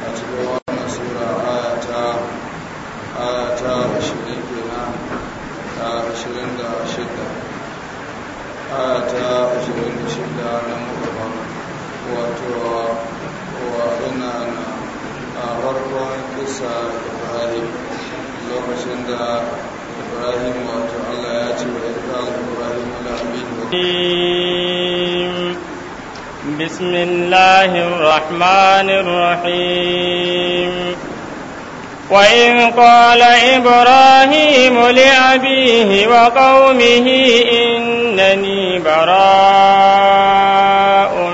a cikin sura aya ta aya na ibrahim lokacin da ibrahim wato allah ya ce wa ibrahim ibrahim al'amin بسم الله الرحمن الرحيم وإن قال إبراهيم لأبيه وقومه إنني براء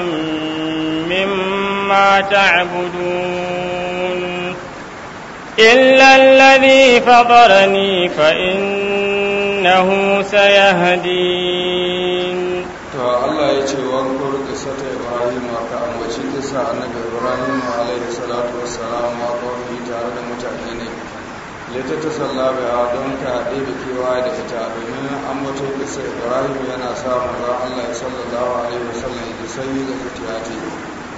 مما تعبدون إلا الذي فطرني فإنه سيهدين الله ta sallabe a don ka haɗe da kewa da ita domin an mutu sai ibrahim yana sa manzon allah ya sallallahu alaihi wasallam ya sanyi da ta ce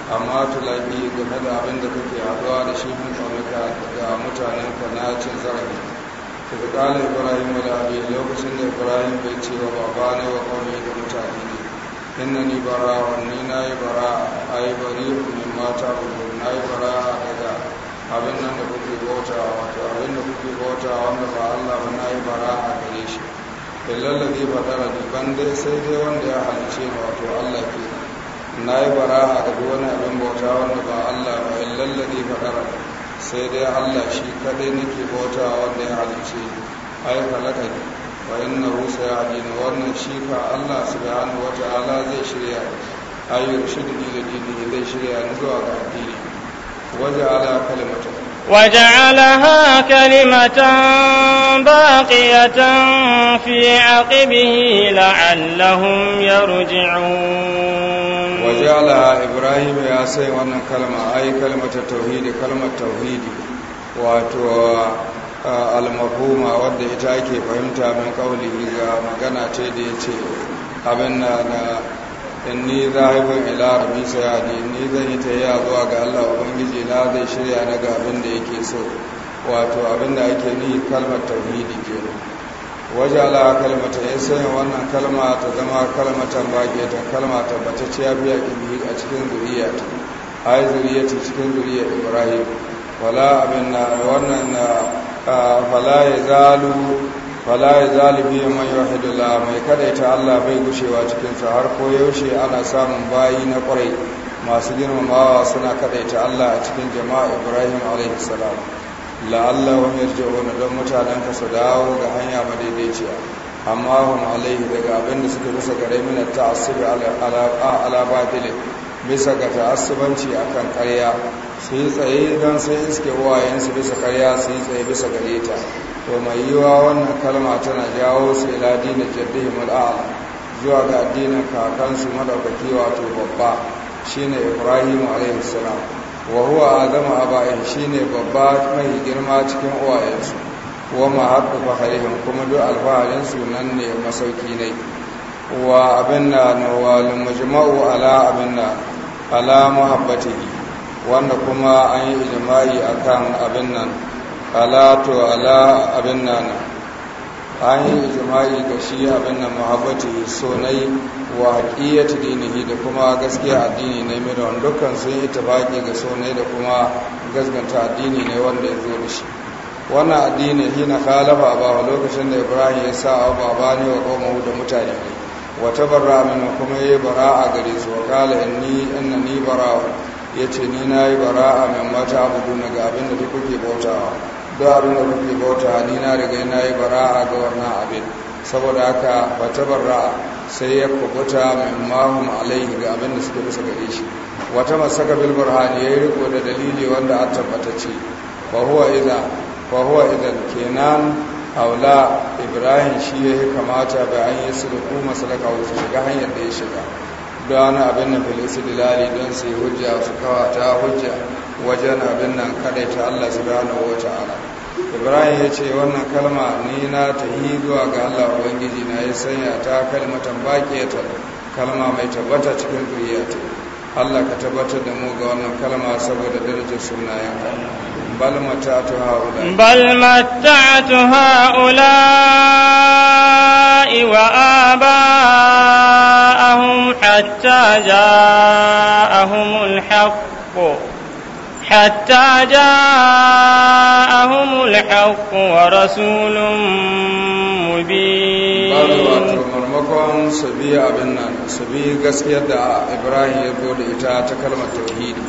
amma tulabi game da abin da kake haɗuwa da shi mun kwamika ga mutanen ka na cin zarafi fi ƙalar ibrahim da abin lokacin da ibrahim bai ce wa baba ne wa kwami da mutane ne ni bara wani na yi bara a yi bari min mata na yi bara daga abin nan da kuke bauta wato abin da kuke bauta wanda ba Allah ba na yi bara a gare shi illallazi fadara ni ban dai sai dai wanda ya halice ni wato Allah ke na yi bara a ga wani abin bauta wanda ba Allah ba illallazi fadara sai dai Allah shi kadai nake bauta wanda ya halice ni ai halaka ni wa innahu sayadini wannan shi fa Allah subhanahu wataala zai shirya ayyur shidini da dini zai shirya ni zuwa ga addini وجعلها كلمة وجعلها كلمة باقية في عقبه لعلهم يرجعون وجعلها إبراهيم يا سي وانا كلمة أي كلمة التوحيد كلمة التوحيد واتو المفهومة ودي إتاكي فهمتها من قوله إذا مغانا تيدي تي أبنا in inni zahibun ila rabbi in ni zan yi ta tayya zuwa ga Allah ubangiji na zai shirya na ga abin da yake so wato abin da ake ni kalmar tauhidi kenan wajala kalmata ya sanya wannan kalma ta zama kalmatan ta kalma tabbatacciya biya kimi a cikin zuriyata ai ta cikin zuriyar ibrahim wala abin na wannan na ya zalu fala ya zalibi man yuhidullah mai kadaita Allah bai gushewa cikinsa har ko yaushe ana samun bayi na kwarai masu girmamawa suna kadaita Allah a cikin jama'a Ibrahim alaihi salam la'allahum yarji'un don mutanen ka su dawo ga hanya madaidaiciya amma hum alaihi daga abinda suke suka bisa gare min ta'assub ala ala bisa ga ta'assubanci akan ƙarya su tsaye don sai iske wayensu bisa karya su yi tsaye bisa gare ta to mai yiwa wannan kalma tana jawo su ila dina jaddihim al'ala zuwa ga addinin kakansu madaukaki wato babba shine ibrahim alaihi salam wa huwa adamu abain shine babba mai girma cikin uwayensu wa mahabbu faharihim kuma duk alfaharin sunan ne masauki ne wa abinna nawalin majma'u ala abinna ala muhabbatihi wanda kuma an yi ijimai kan abin nan alatu ala abin nan an yi ijimai ga shi abin nan muhabbati sonai wa haƙiyyat dinihi da kuma gaskiya addini ne mai don dukkan sun yi tabaki ga sonai da kuma gasganta addini ne wanda ya zo da shi wannan addini na khalafa ba lokacin da ibrahim ya sa abu baba ne wa qaumahu da mutane ne wa tabarra min kuma bara a gare su wa qala inni ni bara'u ya ce ni na yi bara'a min mata abubu na ga abin da duk kuke bautawa don abin da kuke bautawa ni na riga na yi bara'a ga wannan abin saboda haka ba ta bara'a sai ya kubuta min mahu alaihi ga abin da suke bisa gare shi wata masaka bilbar burhani ya yi riko da dalili wanda a tabbata ce fahuwa idan kenan aula ibrahim shi ya kamata ba an yi sulhu masalaka su shiga hanyar da ya shiga don abin nan filisi dilali don su yi hujja su kawata hujja wajen abin nan ta Allah subhanahu ala Ibrahim ya ce wannan kalma ni na ta yi zuwa ga Allah Ubangiji na ya sanya ta kalmatan ta kalma mai tabbata cikin ta Allah ka tabbatar da mu ga wannan kalma saboda darajar sunayen ka بل متعت هؤلاء بل متعت هؤلاء وآباءهم حتى جاءهم الحق حتى جاءهم الحق ورسول مبين بل واتو مرمكم سبي إبراهيم يقول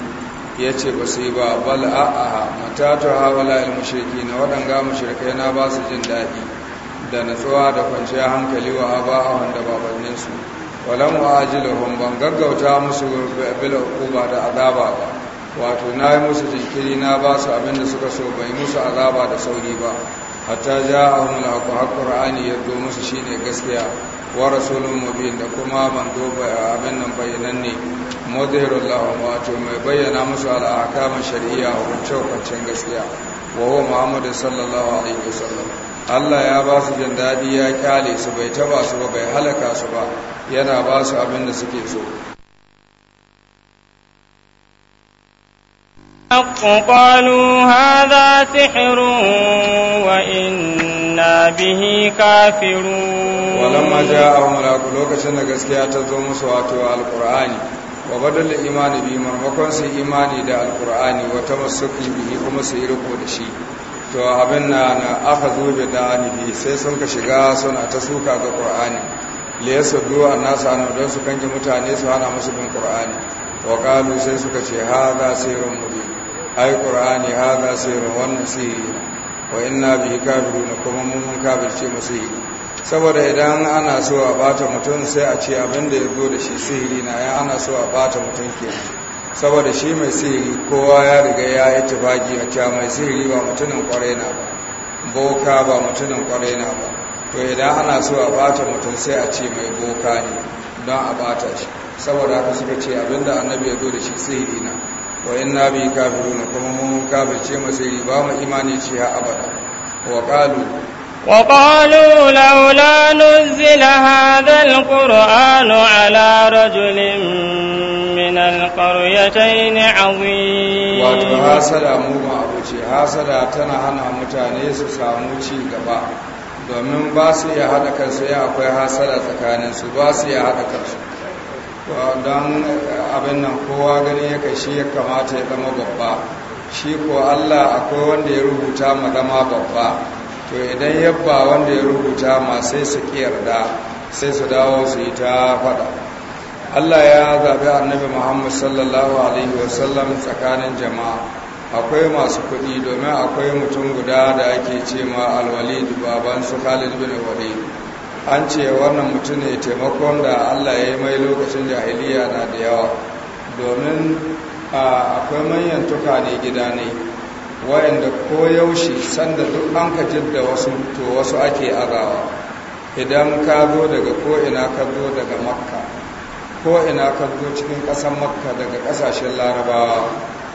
ya ce ba su yi ba bal a'a matatu hawala ilmushirki na waɗanga mashirkai na ba su jin daɗi da natsuwa da kwanciya hankali wa ba a wanda babannin su walam wa ajiluhum ban gaggauta musu bil ba da adaba ba wato na yi musu jinkiri na ba su abin da suka so bai musu azaba da sauri ba hatta ja a wani alƙur'ani ya zo musu shi ne gaskiya wa rasulun mubin da kuma manzo abin nan bayanan ne mudirul lahum wato mai bayyana musu mai shari'a a hukunce kwancin gaskiya wa huwa muhammadu sallallahu alaihi wasallam Allah ya ba su jin daɗi ya kyale su bai taba su ba bai halaka su ba yana ba su abin da suke so الحق قالوا هذا سحر وإنا به كافرون ولما جاءهم الحق لوكشن gaskiya ta zo musu wato alqur'ani wa badal imani bi marmakon su imani da alqur'ani wa tamassuki bihi kuma to abin na na aka zo da dani sai sun ka shiga suna ta suka ga qur'ani le li yasuddu annasu an don su kange mutane su hana musu bin qur'ani wa qalu sai suka ce hadha sirrun mubin ai qur'ani hada sirrun wannan sihiri wa inna bihi kafiruna kuma mun mun kafirce mu sihiri saboda idan ana so a bata mutum sai a ce abin da ya zo da shi sihiri na ya ana so a bata mutum ke saboda shi mai sihiri kowa ya riga ya yi tufagi a cewa mai sihiri ba mutumin kwarai na ba boka ba mutumin kwarai na ba to idan ana so a bata mutum sai a ce mai boka ne don a bata shi saboda haka suka ce abinda annabi ya zo da shi sihiri na wa inna bi kafiruna kuma mun kafirce masa ba mu imani ce ha abada wa qalu وقالوا لولا نزل هذا القرآن على رجل من القريتين awi. wato hasada mu abu ce, hasada tana hana mutane su samu ci gaba domin ba su iya haɗa kansu ya akwai hasada tsakaninsu ba su iya haɗa kansu don abin nan kowa gani ya shi ya kamata ya zama babba shi ko Allah akwai wanda ya rubuta ma zama babba to idan yabba wanda ya rubuta ma sai su ki yarda sai su dawo su yi ta faɗa Allah ya zaɓi annabi Muhammad sallallahu alaihi wasallam tsakanin jama'a akwai masu kuɗi domin akwai mutum guda da ake ce ma alwalid baban su Khalid bin Walid an ce wannan mutum ne taimakon da allah ya yi mai lokacin jahiliya na da yawa domin akwai manyan tuka ne gida ne ko koyaushe sanda duk an ka da wasu to wasu ake azawa idan ka zo daga ko'ina ka zo daga makka ko'ina ka zo cikin ƙasar makka daga ƙasashen larabawa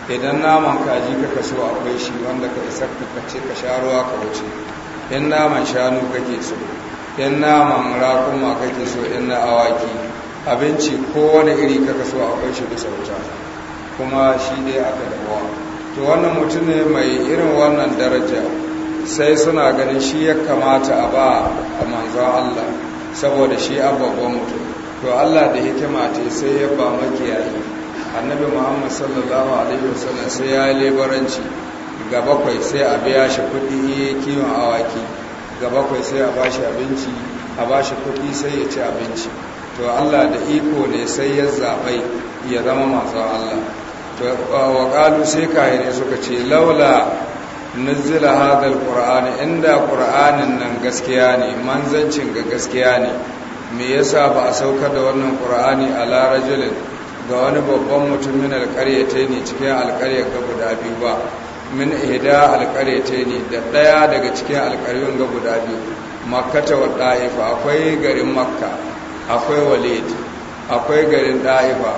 idan naman kaji ka kaso akwai shi wanda ka isa ka ce ka sha ruwa ka wuce in naman shanu kake so in naman raƙuma kake so in na awaki abinci kowane iri kaka so akwai shi bisa wuta kuma shi ne aka damuwa to wannan mutum ne mai irin wannan daraja sai suna ganin shi ya kamata a ba a manzon Allah saboda shi abubuwan mutum to Allah da hikima ce sai ya ba makiyayi annabi Muhammad sallallahu alaihi wasallam sai ya yi lebaranci ga bakwai sai a biya shi kuɗi kiwon awaki ga bakwai sai a bashi abinci a bashi kuɗi sai ya ci abinci to Allah da iko ne sai ya zaɓai ya zama masu Allah to wa ƙalu sai kayan suka ce laula nuzila hadal qur'ani inda qur'anin nan gaskiya ne manzancin ga gaskiya ne me yasa ba a saukar da wannan qur'ani a rajulin ga wani babban mutum min alqaryatayn cikin alqaryar ga guda biyu ba min ihda alqaryataini da daya daga cikin alqaryun ga guda biyu makkata wa da'ifa akwai garin makka akwai walid akwai garin da'ifa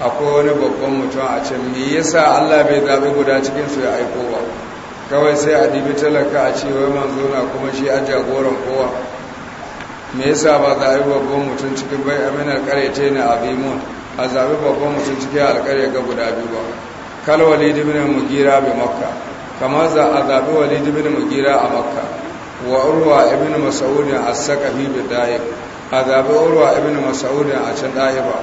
akwai wani babban mutum a can me yasa Allah bai zaɓi guda cikinsu ya aiko ba kawai sai a dibi talaka a ce wai manzo na kuma shi a jagoran kowa me yasa ba zabi babban mutum cikin bai amina qaryataini ne a a zaɓi babban mutum cikin alqarya ga guda biyu ba kal walid ibn mugira bi makka kamar za a zabi walid ibn mugira a makka wa urwa ibn mas'ud a saka bi da'iq a zabi urwa ibn mas'ud a can ba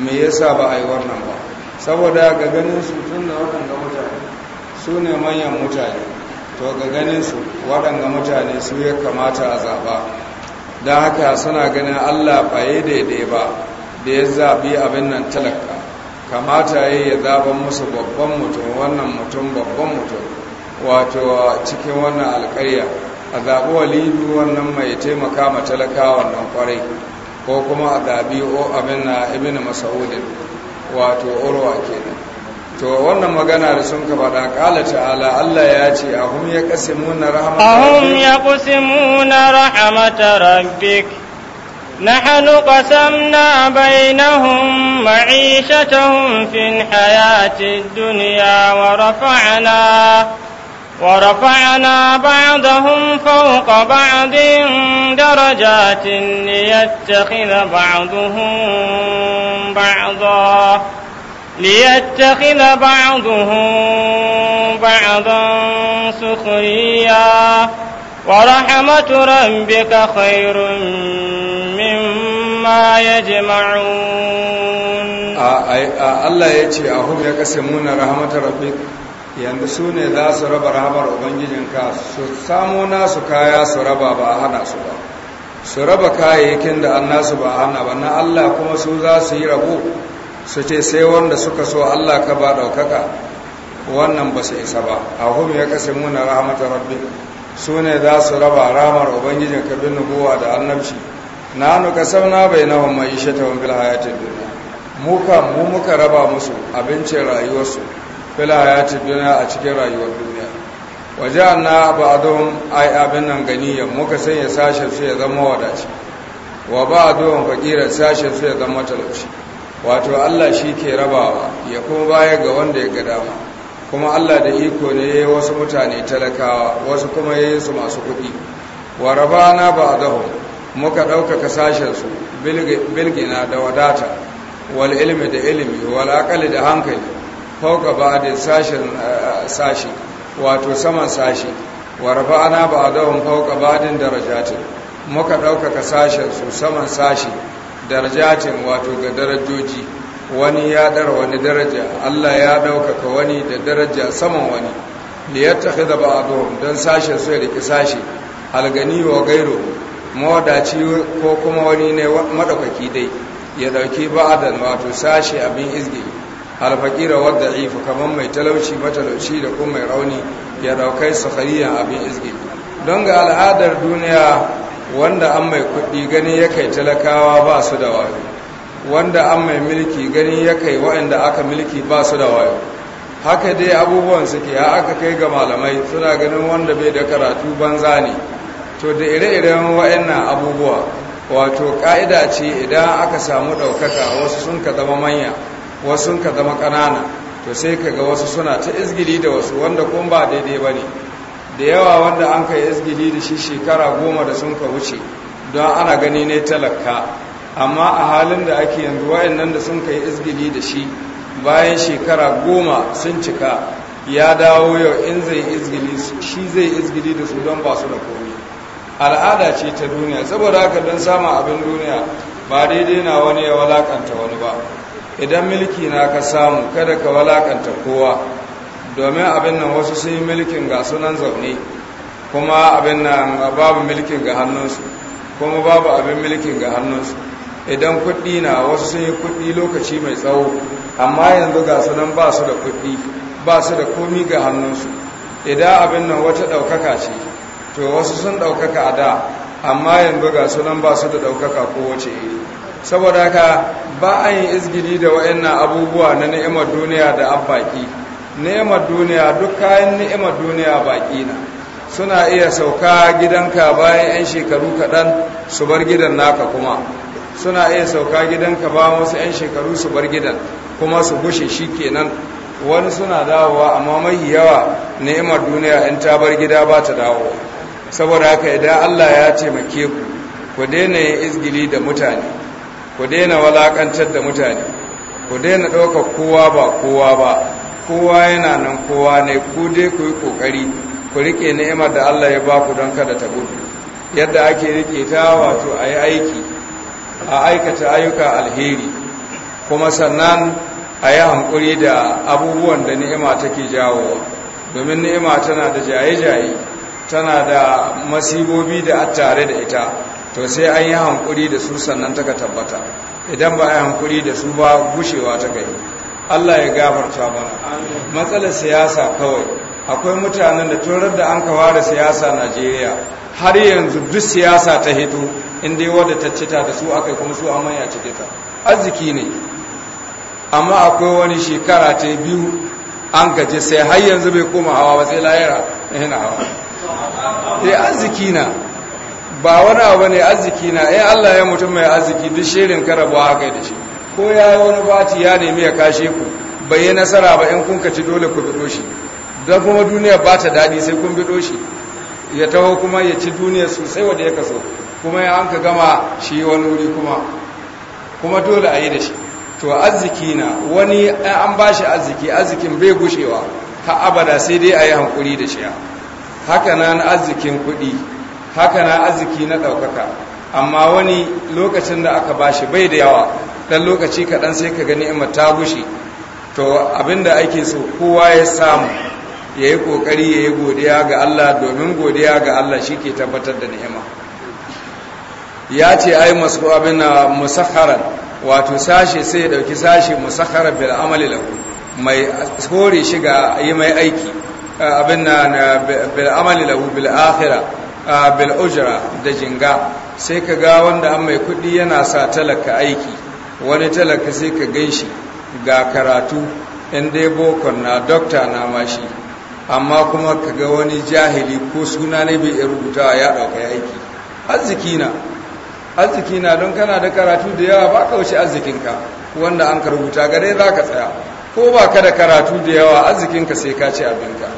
me yasa ba a yi wannan ba saboda ga ganin su tun da waɗanda mutane su ne manyan mutane to ga ganin su waɗanda mutane su ya kamata a zaɓa. don haka suna ganin allah ba ya daidai ba da ya zaɓi abin nan talaka kamata ya yi zaben musu babban mutum wannan mutum babban mutum wato cikin wannan alkarya a zaɓi walidu wannan mai taimaka ma talaka wannan kwarai ko kuma a zaɓi o abin na ibn masaudin wato urwa kenan to wannan magana da sun ka faɗa ƙala ta'ala Allah ya ce ahum ya qasimuna rahmatar rabbik ahum ya rahmatar rabbik نحن قسمنا بينهم معيشتهم في الحياة الدنيا ورفعنا ورفعنا بعضهم فوق بعض درجات ليتخذ بعضهم بعضا ليتخذ بعضهم بعضا سخريا ورحمة ربك خير مما يجمعون الله يجي أهم يقسمون رحمة ربك yanzu su ne za su raba rahamar ubangijinka su samu nasu kaya su raba ba a hana su ba su raba kayayyakin da an nasu ba a hana ba na allah kuma su za su yi rabo su ce sai wanda suka so allah ka ba daukaka wannan ba su isa ba a hum ya kasimu na rahmatar rabbi su ne za su raba ramar ubangijin kabin nubuwa da annabci na nuka sauna bai na wamma ishe ta wambil hayatin duniya muka mu muka raba musu abincin rayuwarsu fil hayatin duniya a cikin rayuwar duniya waje na ba a don ai abin nan ganiyar muka sanya sashen su ya zama wadaci wa ba a don fakirar sashen su ya zama talauci wato allah shi ke rabawa ya kuma baya ga wanda ya ga dama kuma Allah da iko ne ya wasu mutane talakawa wasu kuma yi su masu kuɗi wa a ba'dahu muka ɗaukaka sashen su bilgina da wadata wal ilmi da ilmi wal aqli da hankali fauka ba'din sashen eh, eh, sashi wato saman sashi wa rafa'ana ba'dahum fawqa din darajatin muka ɗaukaka sashen su saman sashi darajatin wato ga darajoji wani ya dar wani daraja Allah ya ɗaukaka wani da daraja saman wani da ya tafi da don sashe su ya riki sashe algani wa gairo modaci ko kuma wani ne madaukaki dai ya ɗauki ba'adan wato sashe abin izgi alfaqira wa da'if kaman mai talauci matalauci da kuma mai rauni ya ɗaukai sakariya abin izgi don ga al'adar duniya wanda an mai kuɗi gani ya kai talakawa ba su da wani. wanda an mai mulki gani ya kai waɗanda aka mulki ba su da wayo haka dai abubuwan suke ya aka kai ga malamai suna ganin wanda bai da karatu banza ne to da ire-iren waɗannan abubuwa wato ka'ida ce idan aka samu ɗaukaka wasu sun ka zama manya wasu sun ka zama ƙanana to sai ka ga wasu suna ta izgili da wasu wanda kuma ba daidai ba ne da yawa wanda an kai izgili da shi shekara goma da sun ka wuce don ana gani ne talaka amma a halin da ake yanzu wayan nan da sun kai izgili da shi bayan shekara goma sun cika ya dawo yau in zai izgili shi zai izgili da su don ba su da komi al'ada ce ta duniya saboda haka don samun abin duniya ba daidai na wani ya walakanta wani ba idan milki na ka samu kada ka walakanta kowa domin abin nan wasu sun yi milkin ga sunan zaune kuma abin nan babu milkin ga hannunsu kuma babu abin milkin ga hannunsu idan kuɗi na wasu sun yi kudi lokaci mai tsawo amma yanzu ga su ba su da kudi ba su da komi ga hannunsu idan abin nan wata ɗaukaka ce to wasu sun ɗaukaka a da amma yanzu ga su nan ba su da ɗaukaka ko wace iri saboda haka ba an yi izgiri da waɗannan abubuwa na ni'imar duniya da an baki ni'imar duniya duk kayan ni'imar duniya baki na suna iya sauka gidanka bayan 'yan shekaru kaɗan su bar gidan naka kuma suna iya sauka gidan ka ba wasu 'yan shekaru su bar gidan kuma su gushe shi kenan wani suna dawowa amma mai yawa ni'imar duniya in ta bar gida ba ta dawo saboda haka idan allah ya taimake ku ku daina yin izgili da mutane ku daina walakantar da mutane ku daina ɗaukar kowa ba kowa ba kowa yana nan kowa ne ku dai ku yi ƙoƙari ku riƙe ni'imar da allah ya ba ku don kada ta gudu yadda ake riƙe ta wato a yi aiki a aikata ayyuka alheri kuma sannan a yi hankuri da abubuwan da ni'ima take jawo domin ni'ima tana da jaye-jaye tana da masibobi da a tare da ita to sai an yi hankuri da su sannan taka tabbata idan ba a yi hankuri da su ba gushewa ta kai Allah ya gafarta mana matsalar siyasa kawai akwai mutanen da turar da an kawo da siyasa najeriya har yanzu duk siyasa ta hito inda yawa da taccita da su aka kuma su amma ya cike ta arziki ne amma akwai wani shekara ta biyu an gaje sai har yanzu bai koma hawa ba sai layira na hina hawa sai arziki na ba wani abu ne arziki na ya eh, allah ya mutum mai arziki duk shirin karabuwa haka da shi ko ya yi wani bati ya nemi ya kashe ku bai yi nasara ba in kun kaci dole ku bido shi don kuma duniya ba ta daɗi sai kun bido shi ya taho kuma ya ci duniya sosai wadda ya kaso kuma ya an ka gama shi wani wuri kuma kuma dole a yi da shi to arziki na wani an ba shi arziki arzikin bai gushewa ta abada sai dai a yi hankuri da shi haka na arzikin kuɗi haka na arziki na ɗaukaka amma wani lokacin da aka ba shi bai da yawa ɗan lokaci kaɗan sai ka gani imar ta gushe to abinda ake so kowa ya samu ya yi ƙoƙari ya yi godiya ga Allah domin godiya ga Allah shi ke tabbatar da ni'ima ya ce ai masu abin na musakharar wato sashe sai ya ɗauki sashe musakharar bil amali lahu mai hore shi ga yi mai aiki abin na bil amali lahu bil akhira bil ujra da jinga sai ka ga wanda an mai kuɗi yana sa talaka aiki wani talaka sai ka gan shi ga karatu in dai bokon na dokta na mashi amma kuma ka ga wani jahili ko suna ne bai iya rubuta ya dauka aiki arziki na arziki na don kana da karatu da yawa ba ka wuce arzikinka wanda an ka rubuta gare za ka tsaya ko ba ka da karatu da yawa arzikinka sai ka ci abinka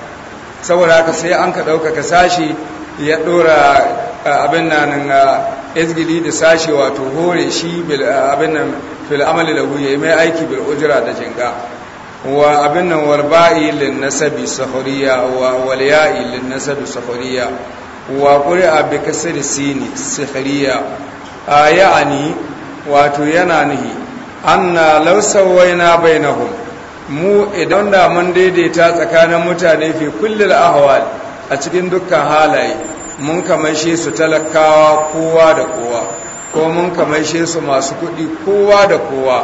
saboda haka sai an ka dauka ka sashi ya ɗora abin nan izgili da sashi wato hore shi abin nan fil amali lahu ya yi mai aiki bil ujira da jinga wa abin nan warba'i lin nasabi sahuriya wa walya'i lin nasabi sahuriya wa qur'a bi kasri sini sahuriya ayani wato yana nihi anna law sawaina bainahum mu idan da mun daidaita tsakanin mutane fi kullil ahwal a cikin dukkan halaye mun kamashe su talakawa kowa da kowa ko mun kamashe su masu kuɗi kowa da kowa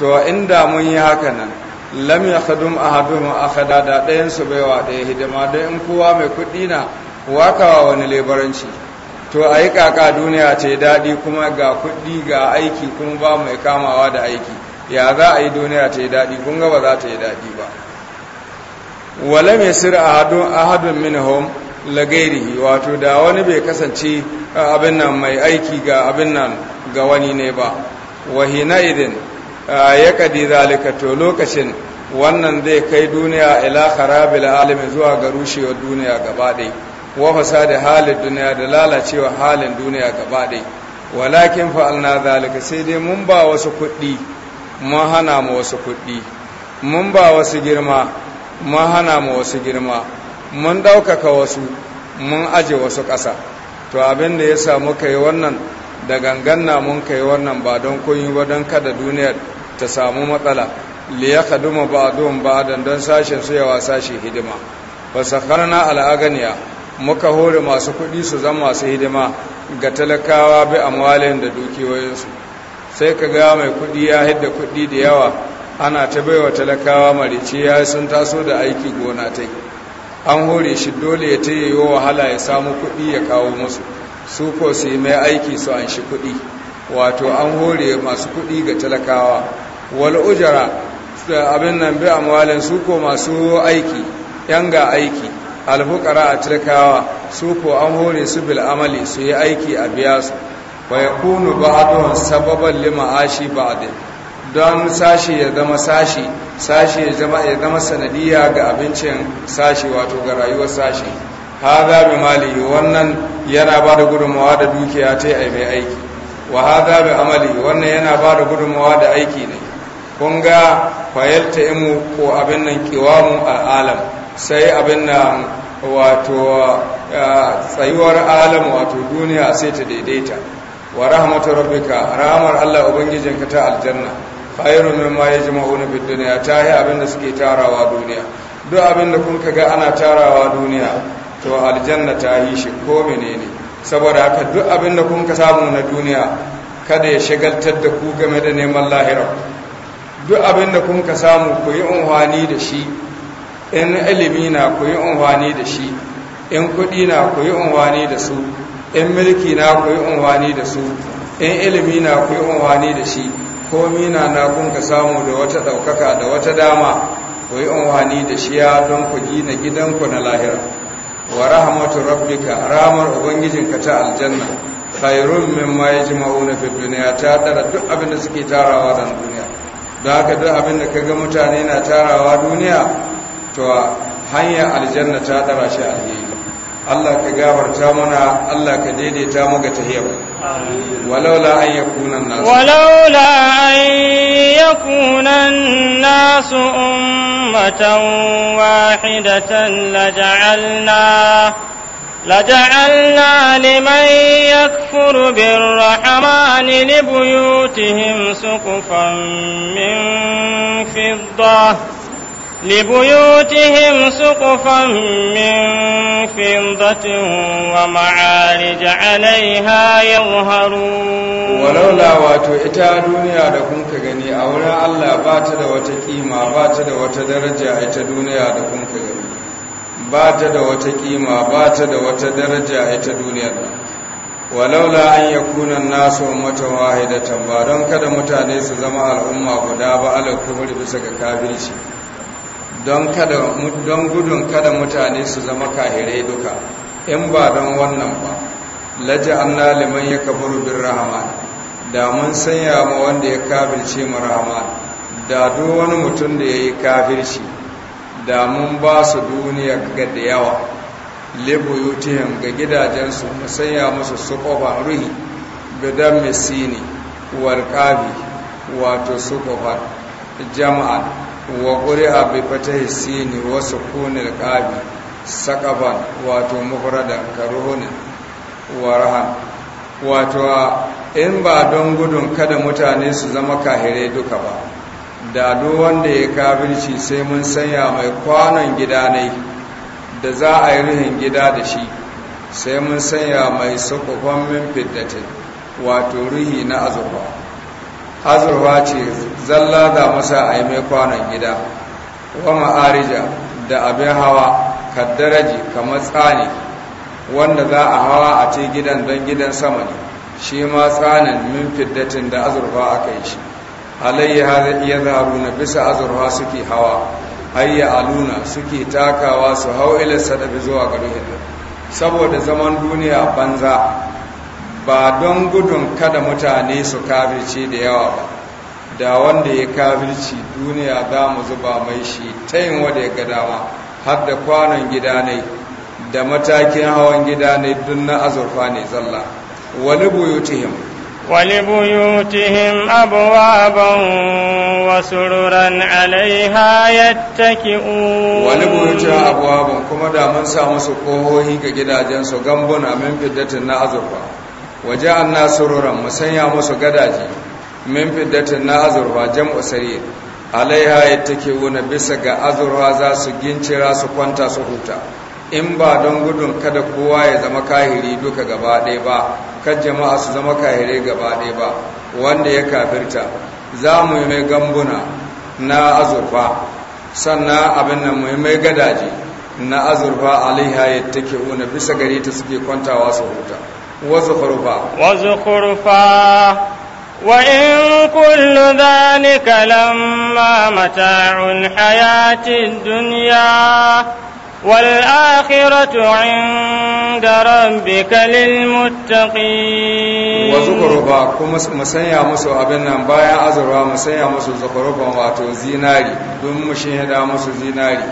to inda mun yi haka nan lam yakhdum ahaduhum akhada da ɗayansu su baiwa ɗaya hidima don in kowa mai kuɗi na wakawa wani lebaranci to a yi kaka duniya ce daɗi kuma ga kuɗi ga aiki kuma ba mai kamawa da aiki ya za a yi duniya ta yi daɗi kun ga ba za ta yi daɗi ba wala mai sir ahadun minhum lagairihi wato da wani bai kasance abin nan mai aiki ga abin nan ga wani ne ba wahina idin Ah, ya kadi zalika to lokacin wannan zai kai duniya ila kharabil alimi zuwa ga rushewar duniya gaba ɗaya wa fasada halin duniya da lalacewa halin duniya gaba walakin fa'alna zalika sai dai mun ba wasu kuɗi mun hana mu wasu kuɗi mun ba wasu girma mun hana mu wasu girma mun ɗaukaka wasu mun aje wasu ƙasa to abin da ya samu kai wannan da ganganna mun kai wannan ba don kunyi ba don kada duniyar ta samu matsala li ya kaduma ba don ba don don sashen su yawa sashe hidima ba sakarna al'aganiya muka hore masu kuɗi su zama masu hidima ga talakawa bi amwalin da dukiyoyinsu sai ka ga mai kuɗi ya hidda kuɗi da yawa ana ta baiwa talakawa marici ya sun taso da aiki gona ta an hore shi dole ya taye wa wahala ya samu kuɗi ya kawo musu su ko su yi mai aiki su an shi kuɗi wato an hore masu kuɗi ga talakawa wal ujra abin nan bi amwalin su ko masu aiki yanga aiki alfukara a turkawa su ko an hore su bil amali su yi aiki a biya su wa yakunu ba'dhum sababan li ma'ashi ba'd don sashi ya zama sashi sashi ya zama ya zama sanadiya ga abincin sashi wato ga rayuwar sashi hadha bi mali wannan yana ba da gudunmawa da dukiya ta yi mai aiki wa hadha bi amali wannan yana ba da gudunmawa da aiki ne kun ga fayalta imu ko abin nan kiwamu alam sai abin nan wato tsayuwar alam wato duniya sai ta daidaita wa rahmatu rabbika rahmar Allah ubangijinka ta aljanna khairu mimma na bid dunya ta yi abin da suke tarawa duniya duk abin da kun ga ana tarawa duniya to aljanna ta yi shi ko menene saboda haka duk abin da kun ka samu na duniya kada ya shagaltar da ku game da neman lahira duk abin da kun ka samu ku yi unhwani da shi in ilimi na ku yi unhwani da shi in kuɗi na ku yi unhwani da su in mulki na ku yi unhwani da su in ilimi na ku yi unhwani da shi ko mina na kun ka samu da wata ɗaukaka da wata dama ku yi unhwani da shi ya don ku gina gidanku na lahira wa rahmatu rabbika ramar ubangijinka ta aljanna khairun mimma yajma'una fid dunya ta dara duk abin da suke tarawa dan duniya da haka duk abin da kaga mutane na tarawa duniya to hanya aljanna ta dara shi alheri Allah ka gafarta mana Allah ka daidaita mu ga tahiyyar walaula an yakuna nas walaula an yakuna nas ummatan wahidatan laj'alna لجعلنا لمن يكفر بالرحمن لبيوتهم سقفا من فضة لبيوتهم سقفا من فضة ومعارج عليها يظهرون ولولا واتو إتا دنيا لكم كغني أولا الله باتد وتكيما باتد وتدرجة إتا دنيا لكم كغني ba ta da wata ƙima ba ta da wata daraja ita duniya nan walaula an kunan nasu mata wahidatan ba don kada mutane su zama al'umma guda ba ala bisa ga kafirci don gudun kada mutane su zama kahirai duka in ba don wannan ba an anna liman yakfuru bin rahman da mun sanya ma wanda ya kafirce mu rahman da duk wani mutum da ya yayi kafirci da mun ba su duniya ga da yawa libuyutihim ga gidajensu musanya musu su ƙofan ruhi bidan misini warƙabi wato su ƙofan jama'a wa ƙuri'a bai fata hissini wasu kunil ƙabi saƙaban wato mufradan karuhunin warhan, wato in ba don gudun kada mutane su zama kahire duka ba da duk wanda ya kafirci sai mun sanya mai kwanon gida ne da za a yi rihin gida da shi sai mun sanya mai sakofan min fiddatin wato rihi na azurfa azurfa ce zalla da masa a yi mai kwanon gida wa ma'arija da abin hawa kaddaraji kamar tsani wanda za a hawa a ce gidan don gidan sama ne shi ma tsanin min fiddatin da azurfa aka yi shi alayya ya zaruna bisa azurwa suke hawa hayya aluna suke takawa su hau ila da zuwa ga ruhin saboda zaman duniya banza ba don gudun kada mutane su kafirce da yawa ba da wanda ya kafirci duniya za mu zuba mai shi ta yin ga dama har da kwanon gida ne da matakin hawan gida ne dun na azurfa ne zalla wani buyutihim ولبيوتهم أبوابا وسررا عليها يتكئون ولبيوتهم أبوابا كما دا من سامس قوهي كجدا جنس غنبنا من فدة وجاء الناس سررا مسيا مس غداجي من فدة نأزرفا جمع سرير عليها يتكئون take wuna زاس جنشرا سقوانتا za in ba don gudun kada kowa ya zama kahiri duka gaba ɗaya ba kan jama'a su zama kahirai gaba ɗaya ba wanda ya kafirta za mu yi mai gambuna na azurfa sannan abin nan mu yi mai gadaje na azurfa alaiha ya take una bisa gari ta suke kwantawa su huta wasu kurfa wasu kurfa za ni kalan ma mata'un hayatin duniya. والآخرة عند ربك للمتقين وزخرفا كما bayan مسو أبنا بايا أزرا مسيا مسو زخرفا واتو زيناري دم مشهدا مسو زيناري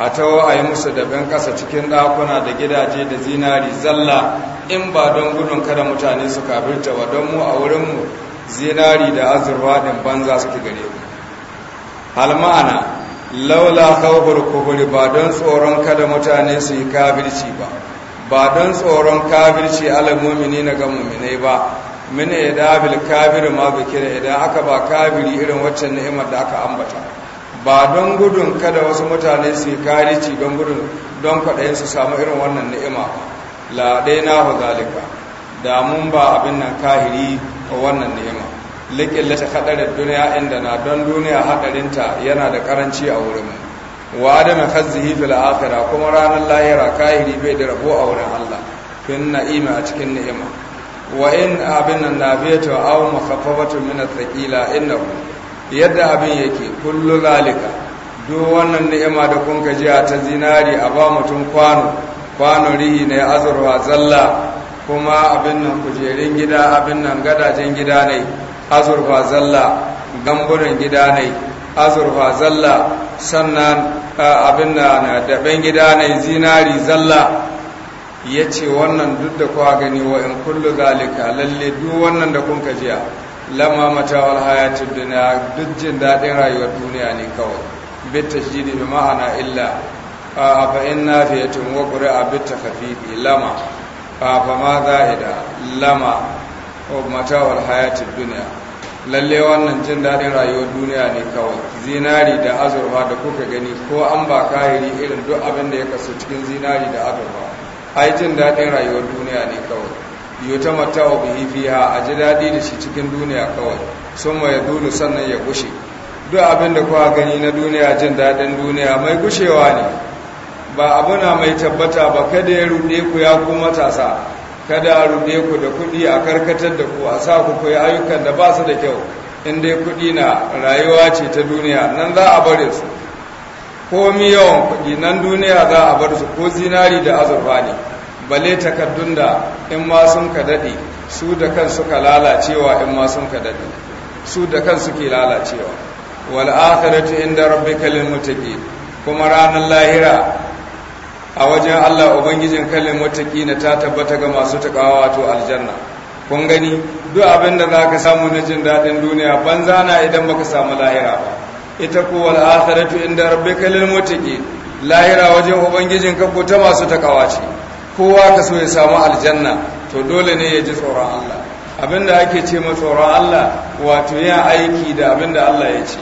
a a yi musu daben ƙasa cikin ɗakuna da gidaje da zinari zalla in ba don gudun kada mutane su kafirta ba don mu a wurinmu zinari da azurwa ɗin banza suke gare mu halma'ana laula khawfur kubur ba don tsoron kada mutane su yi kafirci ba ba don tsoron kabirci ala na ga mu'minai ba ya idabil kafir ma bikin idan aka ba kabiri irin waccan ni'imar da aka ambata ba don gudun kada wasu mutane su kabirci don gudun don kwaɗayin su samu irin wannan ni'ima la dai na zalika da mun ba abin nan kahiri wannan ni'ima liƙin lata haɗarin duniya inda na don duniya haɗarinta yana da ƙaranci a wurin wa adama hazzihi fil akhirah kuma ranar lahira kahiri bai da rabo a wurin Allah fin na'ima a cikin ni'ima wa in abin nan nabiyatu aw mukhaffafatun min athqila innahu yadda abin yake kullu zalika duk wannan ni'ima da kun ka jiya ta zinari a ba mutum kwano kwano rihi ne azurwa zalla kuma abin nan kujerin gida abin nan gadajen gida ne azurfa zalla gamburin gida ne azurfa zalla sannan abin na daɓen gida ne zinari zalla ya ce wannan duk da kuwa gani wa in kullu zalika lalle duk wannan da kun kajiya lamma matawar hayati duniya duk jin daɗin rayuwar duniya ne kawai bitta shi ne ma'ana illa a fa'in na fiye tun wa a bitta kafifi lama a fama za'ida lama of mata wal hayatid lalle wannan jin daɗin rayuwar duniya ne kawai zinari da azurfa da kuka gani ko an ba kahiri irin duk abin da ya kasu cikin zinari da azurfa ai jin daɗin rayuwar duniya ne kawai yuta mata wa bihi fiha a ji daɗi da shi cikin duniya kawai sun ya dulu sannan ya gushe duk abin da kuka gani na duniya jin daɗin duniya mai gushewa ne ba abuna mai tabbata ba kada ya rude ku ya ku matasa kada a ku da kuɗi a karkatar da ku a sa ku koyi ayyukan da ba su da kyau in dai kuɗi na rayuwa ce ta duniya nan za a bare su komi yawan kuɗi nan duniya za a bar su ko zinari da azurfa ne bale takaddun da in ma sun ka daɗe su da kan suka lalacewa in ma sun ka daɗe su da kan suke lalacewa wal akhiratu inda rabbikal muttaqin kuma ranar lahira a wajen Allah ubangijin kallin mataki na ta tabbata ga masu takawa to aljanna kun gani duk abin da za ka samu na jin daɗin duniya banza na idan baka samu lahira ba ita ko wal akhiratu inda rabbika lil mutaqi lahira wajen ubangijin ka ko ta masu takawa ce kowa ka so ya samu aljanna to dole ne ya ji tsoron Allah Abin da ake ce ma tsoron Allah wato yin aiki da abin da Allah ya ce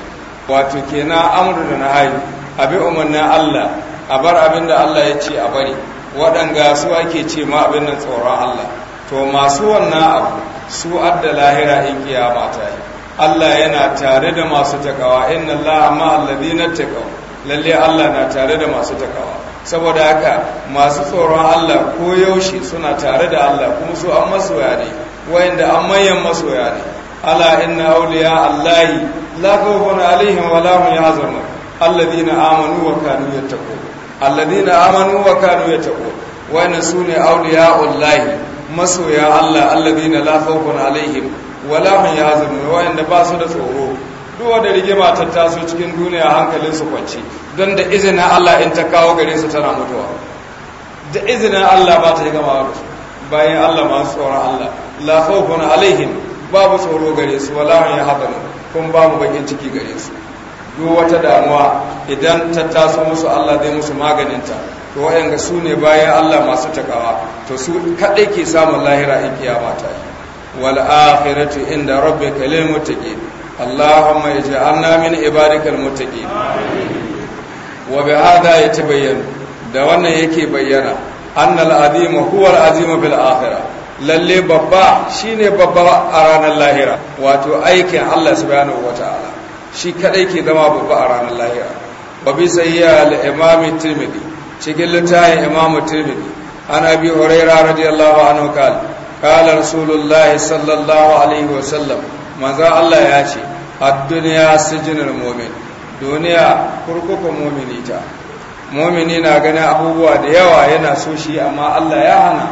wato kenan amru da nahayi abi umarnin Allah a bar abin da Allah ya ce a bari waɗanga su ake ce ma abin nan tsoron Allah to masu wannan abu su adda lahira in kiyama ta yi Allah yana tare da masu takawa inna Allah amma alladhina taqaw lalle Allah na tare da masu takawa saboda haka masu tsoron Allah ko yaushe suna tare da Allah kuma su an masoya ne wayanda an manyan masoya ne ala inna awliya Allahi la khawfun alaihim wa la hum yahzanun alladhina amanu wa kanu yattaqun alladina amanu wa kanu yattaqun sunna sune awliya'ullahi masoya Allah alladina la khawfun alaihim la hum yahzanun wa'anda ba su da tsoro duk wanda rigima ta taso cikin duniya hankalin su kwance don da izinin Allah in ta kawo gare su tana mutuwa da izinin Allah ba ta yi gama da bayan Allah masu tsoron Allah la khawfun alaihim babu tsoro gare su wala hum yahzanun kun babu bakin ciki gare su duk wata damuwa idan ta taso musu Allah zai musu maganinta to wayanga su ne bayan Allah masu takawa to su kadai ke samun lahira in kiyama ta yi wal akhiratu inda rabbika lil muttaqin allahumma ij'alna min ibadikal muttaqin wa bi hadha yatabayyan da wannan yake bayyana annal azima huwa al azima bil akhirah lalle babba shine babba a ranar lahira wato aikin Allah subhanahu wataala shi kaɗai ke zama babba a ranar lahira wa bi sayya al-imam tirmidhi cikin littafin imam tirmidhi an abi hurairah radiyallahu anhu qala kala rasulullah sallallahu alaihi wa sallam manzo Allah ya ce ad-dunya sijnul mu'min duniya kurkukun mu'mini ta mu'mini na gani abubuwa da yawa yana so shi amma Allah ya hana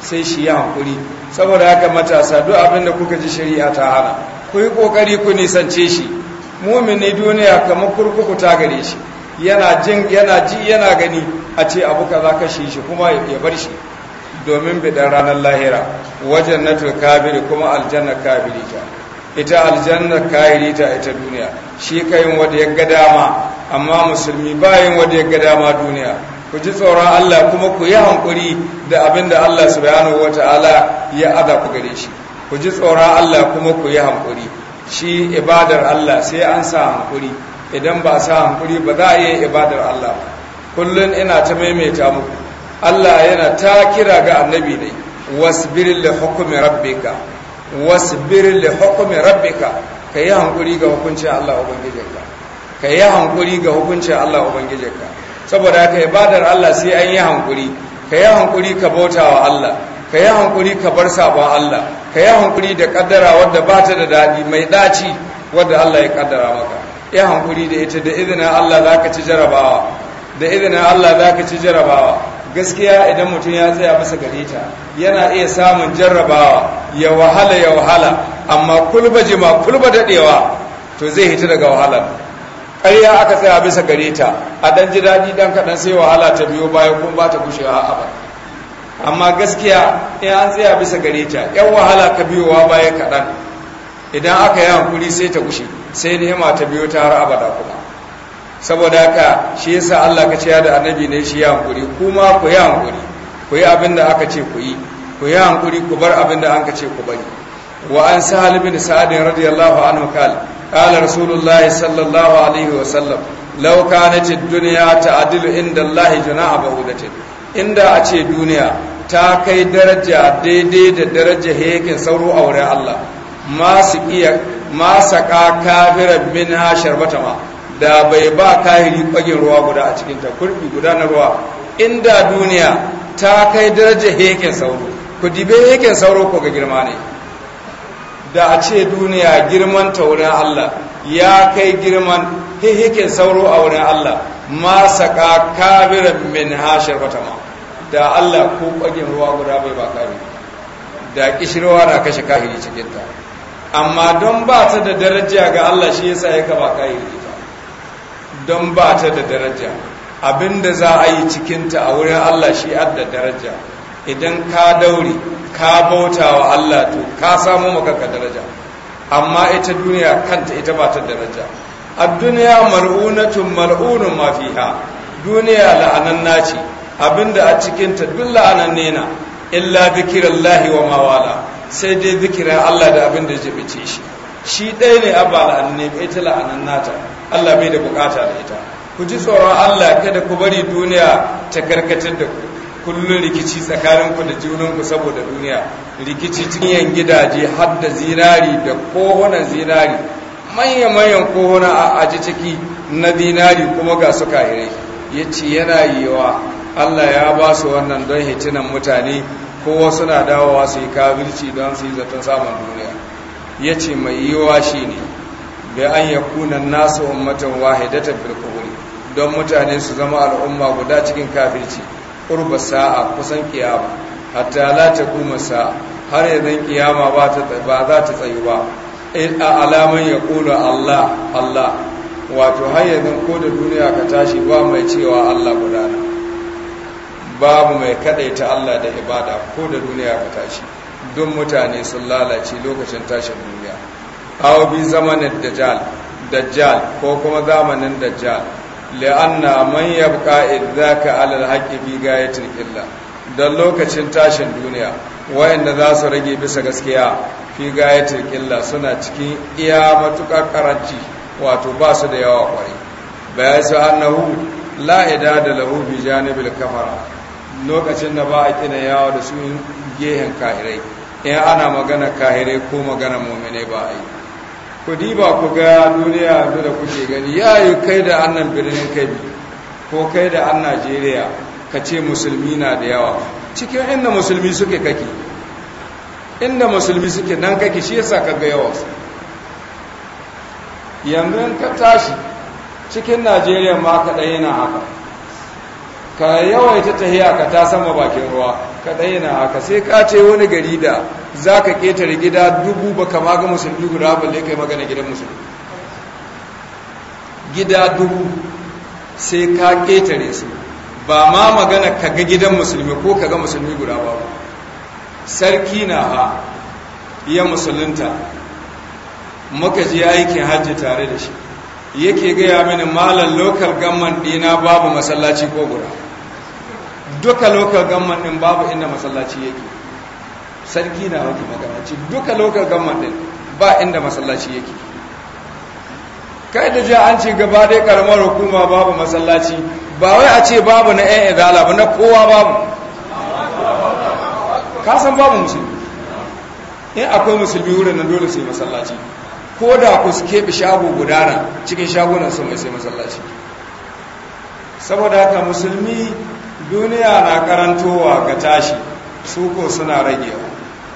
sai shi ya hankuri saboda haka matasa duk abin da kuka ji shari'a ta hana ku yi kokari ku nisance shi mumini duniya kamar kurkuku ta gare shi yana jin yana ji yana gani a ce abu kaza kashe shi kuma ya bar shi domin bidan ranar lahira wajen na kabiri kuma aljanna kabiri ta ita aljanna kabiri ta ita duniya shi kayin wanda ya ga dama amma musulmi bayan wanda ya ga dama duniya ku ji tsoron Allah kuma ku yi hankuri da abin da Allah subhanahu wataala ya ada gare shi ku ji tsoron Allah kuma ku yi hankuri shi ibadar Allah sai an sa hankuri idan ba sa hankuri ba za a yi ibadar Allah kullun ina ta maimaita muku Allah yana ta kira ga annabi ne wasbir li hukmi rabbika wasbir li hukmi rabbika yi hankuri ga hukuncin Allah ubangijinka yi hankuri ga hukuncin Allah ubangijinka saboda haka ibadar Allah sai an yi hankuri yi hankuri ka bautawa Allah ka yi hankuri ka bar sabon Allah ka yi hankuri da kaddara wadda ba ta da daɗi mai ɗaci wadda Allah ya kaddara maka ya hankuri da ita da izinin Allah za ka ci jarabawa da izinin Allah za ka ci jarabawa gaskiya idan mutum ya tsaya masa gare ta yana iya samun jarrabawa ya wahala ya wahala amma kulba jima kulba daɗewa to zai hita daga wahalar ƙarya aka tsaya bisa gare ta a ɗan ji daɗi ɗan kaɗan sai wahala ta biyo baya kuma ba ta gushewa abin amma gaskiya in an tsaya bisa gare ta yan wahala ka biyowa baya kaɗan idan aka yi hankuri sai ta gushe sai ni'ima ta biyo ta har abada kuma saboda haka shi yasa Allah ka ce da annabi ne shi ya hankuri kuma ku yi hankuri ku yi abin da aka ce ku yi ku yi hankuri ku bar abin da an ka ce ku bari wa an sahal bin sa'ad radiyallahu anhu kal qala rasulullah sallallahu alaihi wa sallam law kanat dunya ta'dilu inda Allah junaha ba'udatin inda a ce duniya ta kai daraja daidai da daraja hekin sauro a wurin Allah masu iya masaka kafira min ha sharbata ma da bai ba kahiri kwagin ruwa guda a cikin ta kurbi guda na ruwa inda duniya ta kai daraja hekin sauro ku dibe hekin sauro ko ga girma ne da a ce duniya girman ta wurin Allah ya kai girman hekin sauro a wurin Allah masaka kafira min ha sharbata ma da Allah ko kwagin ruwa guda bai ba kare da kishirwa na kashe kahiri cikinta amma don ba ta da daraja ga Allah shi yasa yaka ba kahiri ita don ba ta da daraja abinda za a yi cikinta a wurin Allah shi adda daraja idan ka daure ka bauta wa Allah to ka samu maka daraja amma ita duniya kanta ita ba ta daraja ad-dunya mar'unatun mar'unun ma fiha duniya la'ananna ce abinda a cikin ta duk la'ananne na illa zikirallahi wa mawala sai dai zikira Allah da abinda ya jibice shi shi ɗaya ne abba la'ananne ita la'anan nata Allah bai da bukata da ita ku ji tsoron Allah kada ku bari duniya ta karkatar da ku kullum rikici tsakanin ku da ku saboda duniya rikici cikin gidaje har da zinari da kowane zinari manya-manyan kowane a aji ciki na zinari kuma ga su kahirai ya ce yana yiwa Allah ya ba su wannan don hitinan mutane kowa suna dawowa su yi kabirci don su yi zaton samun duniya ya ce mai yiwa shi ne bai an ya kunan nasu ummatan wahidata birkuhuri don mutane su zama al'umma guda cikin kafirci ƙurba sa'a kusan kiyama hatta lati kuma sa'a har yanzu kiyama ba za ta tsayu ba a alaman ya kula Allah Allah wato har yanzu ko da duniya ka tashi ba mai cewa Allah gudana babu mai ta Allah da ibada ko da duniya ka tashi don mutane sun lalace lokacin tashin duniya aw bi zamanin dajjal dajjal ko kuma zamanin dajjal la'anna man yabqa idzaka ala alhaqqi fi gayatil illa don lokacin tashin duniya wayanda za su rage bisa gaskiya fi gayatil illa suna cikin iya matukar karanci wato ba su da yawa kwari bayan su annahu la idada lahu bi janibil kafara lokacin da ba a kina yawa da su gehen kahirai in ana magana kahirai ko magana mummune ba a yi ku diba ku ga duniya da kuke gani ya yi kai da annan birnin kabi ko kai da an najeriya ka ce musulmi na da yawa cikin inda musulmi suke kake inda musulmi suke nan kake shi yasa ka ga yawa yanzu ka tashi cikin najeriya ma ka ɗaya na haka ka yawaita tahiya ka ta sama bakin ruwa ka daina haka sai ka ce wani gari da za ka ketare gida dubu ba kama ga musulmi guda balle kai magana gidan musulmi gida dubu sai ka ketare su ba ma magana ka ga gidan musulmi ko ka ga musulmi guda ba sarki na ha ya musulunta muka je aikin hajji tare da shi yake gaya mini malar local gamman dina babu masallaci ko guda duka lokal gamman din babu inda masallaci yake sarki na wata maganaci duka lokal gamman din ba inda masallaci yake kai da ji an ce gaba dai karamar hukuma babu masallaci ba wai a ce babu na yan izala ba na kowa babu kasan babu musulmi in akwai musulmi wurin na dole sai masallaci ko da ku su keɓe shago gudana cikin shagunan su mai sai masallaci saboda haka musulmi duniya na karantowa ga tashi su ko suna ragewa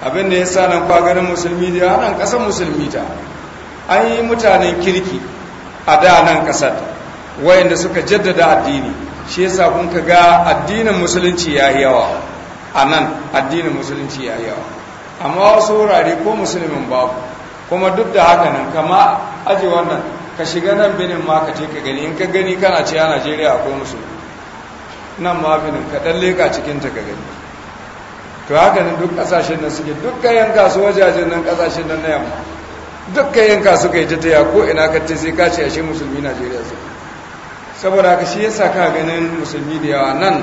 abin da ya sa nan kwagarin musulmi da nan ƙasar musulmi ta an yi mutanen kirki a da nan ƙasar wayanda suka jaddada addini shi ya sa kun ka ga addinin musulunci ya yi yawa a nan addinin musulunci ya yi yawa amma wasu wurare ko musulmin babu kuma duk da haka nan kama aji wannan ka shiga nan binin ma ka ce ka gani in ka gani kana ce a najeriya akwai musulmi nan mafinin kaɗan leƙa cikinta ka gani to haka ne duk ƙasashen nan suke dukkan yanka su wajajen nan ƙasashen nan na yamma dukkan yanka suka yi ta taya ko ina ka sai ka ce ashe musulmi najeriya su saboda haka shi yasa ka ganin musulmi da yawa nan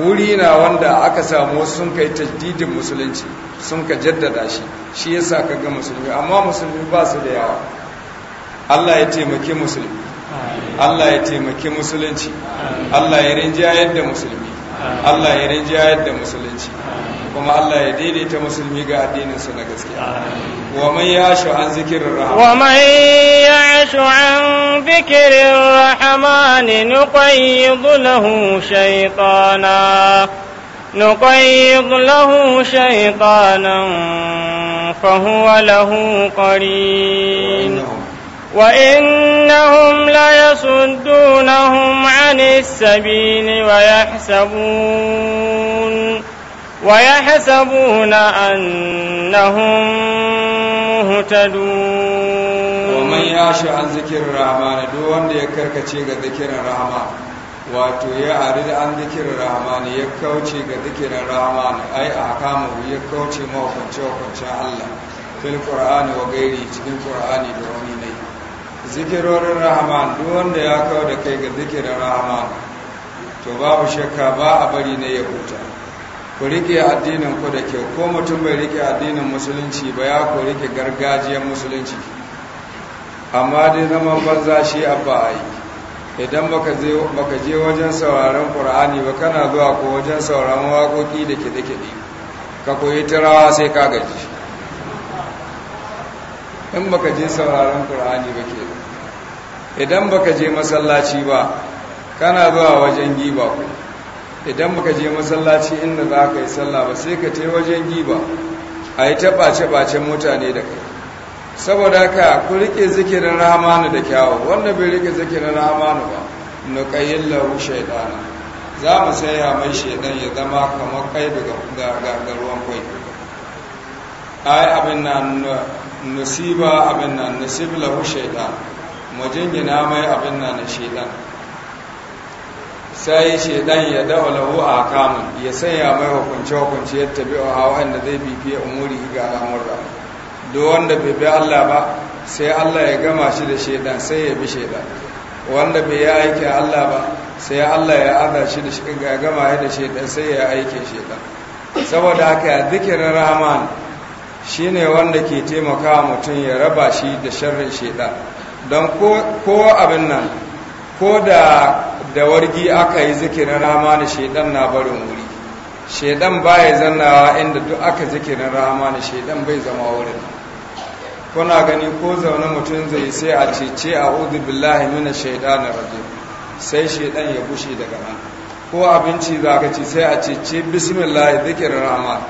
wuri na wanda aka samu wasu sun kai tajdidin musulunci sun ka jaddada shi shi yasa ka ga musulmi amma musulmi ba su da yawa Allah ya taimake musulmi Allah ya taimaki musulunci Allah ya a da musulmi Allah ya a da musulunci kuma Allah ya daidaita musulmi ga su na gaskiya wa man yashu an zikirin rahman wa man yashu an zikirin rahman nuqayyid lahu shaytana nuqayyid lahu shaytanan fa huwa lahu qarin وإنهم ليصدونهم عن السبيل ويحسبون ويحسبون أنهم مهتدون ومن يعش عن ذكر الرحمن دون يكركتي ذكر الرحمن wato ya arida an zikirin rahman ya kauce ga zikirin rahman ai a kama ya kauce mahukunce hukuncen allah fil qur'ani wa gairi cikin qur'ani da wani zikirorin rahman duk wanda ya kawo da kai ga zikirin rahman to babu shakka ba a bari ne ya huta ku rike addinin ku da kyau ko mutum bai rike addinin musulunci ba ya ku rike gargajiyar musulunci amma dai zaman banza shi abba a yi idan baka je wajen sauraron ƙur'ani ba kana zuwa ko wajen sauraron waƙoƙi da kiɗe-kiɗe ka koyi turawa sai ka gaji in baka je sauraron ƙur'ani ba ke idan baka je masallaci ba kana zuwa wajen giba ku idan baka je masallaci inda za ka yi sallah ba sai ka te wajen giba a yi taɓace ɓacen mutane da kai saboda ka ku riƙe zikirin ramanu da kyawu wanda bai riƙe zikirin ramanu ba nuƙayin lahu shaidana za mu saya mai shaidan ya zama kamar kai daga ruwan kwai ai abin na nusiba abin na nusib lahu shaidana mu gina mai abin na na shedan sai shedan ya dawa lahu a kamun ya sanya mai hukunce-hukunce ya tabi a hawan da zai bibiya umuri ga al'amurra duk wanda bai bi Allah ba sai Allah ya gama shi da shedan sai ya bi shedan wanda bai yi aikin Allah ba sai Allah ya aza shi da gama shi da shedan sai ya aike shedan saboda haka ya zikirin rahman shine wanda ke taimaka mutum ya raba shi da sharrin shedan don ko abin nan ko da da wargi aka yi zikirin rama da shaidan na barin wuri shaidan baya zannawa inda duk aka zikirin rama da shaidan bai zama wurin kuna gani ko zaune mutum zai sai a cece a udu billahi mina na raje sai shaidan ya bushe daga nan ko abinci za ka ci sai a cece bismillah zikirin rama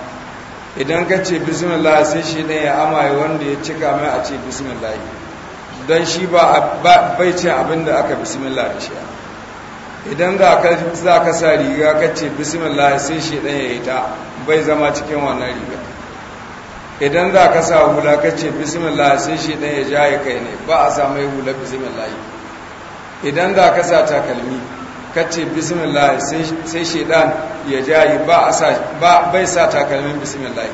idan ka ce bismillah sai shaidan ya amaye wanda ya cika mai a ce bismillah don shi ba bai ce abinda aka bismillah da shi idan za ka sa riga ka ce bismillah sai shi ɗan ya yi ta bai zama cikin wannan riga idan za ka sa hula ka ce bismillah sai shi ɗan ya ja ya kai ne ba a samu ya hula bismillah idan za ka sa takalmi ka ce bismillah sai shi ɗan ya ja yi ba bai sa takalmin bismillah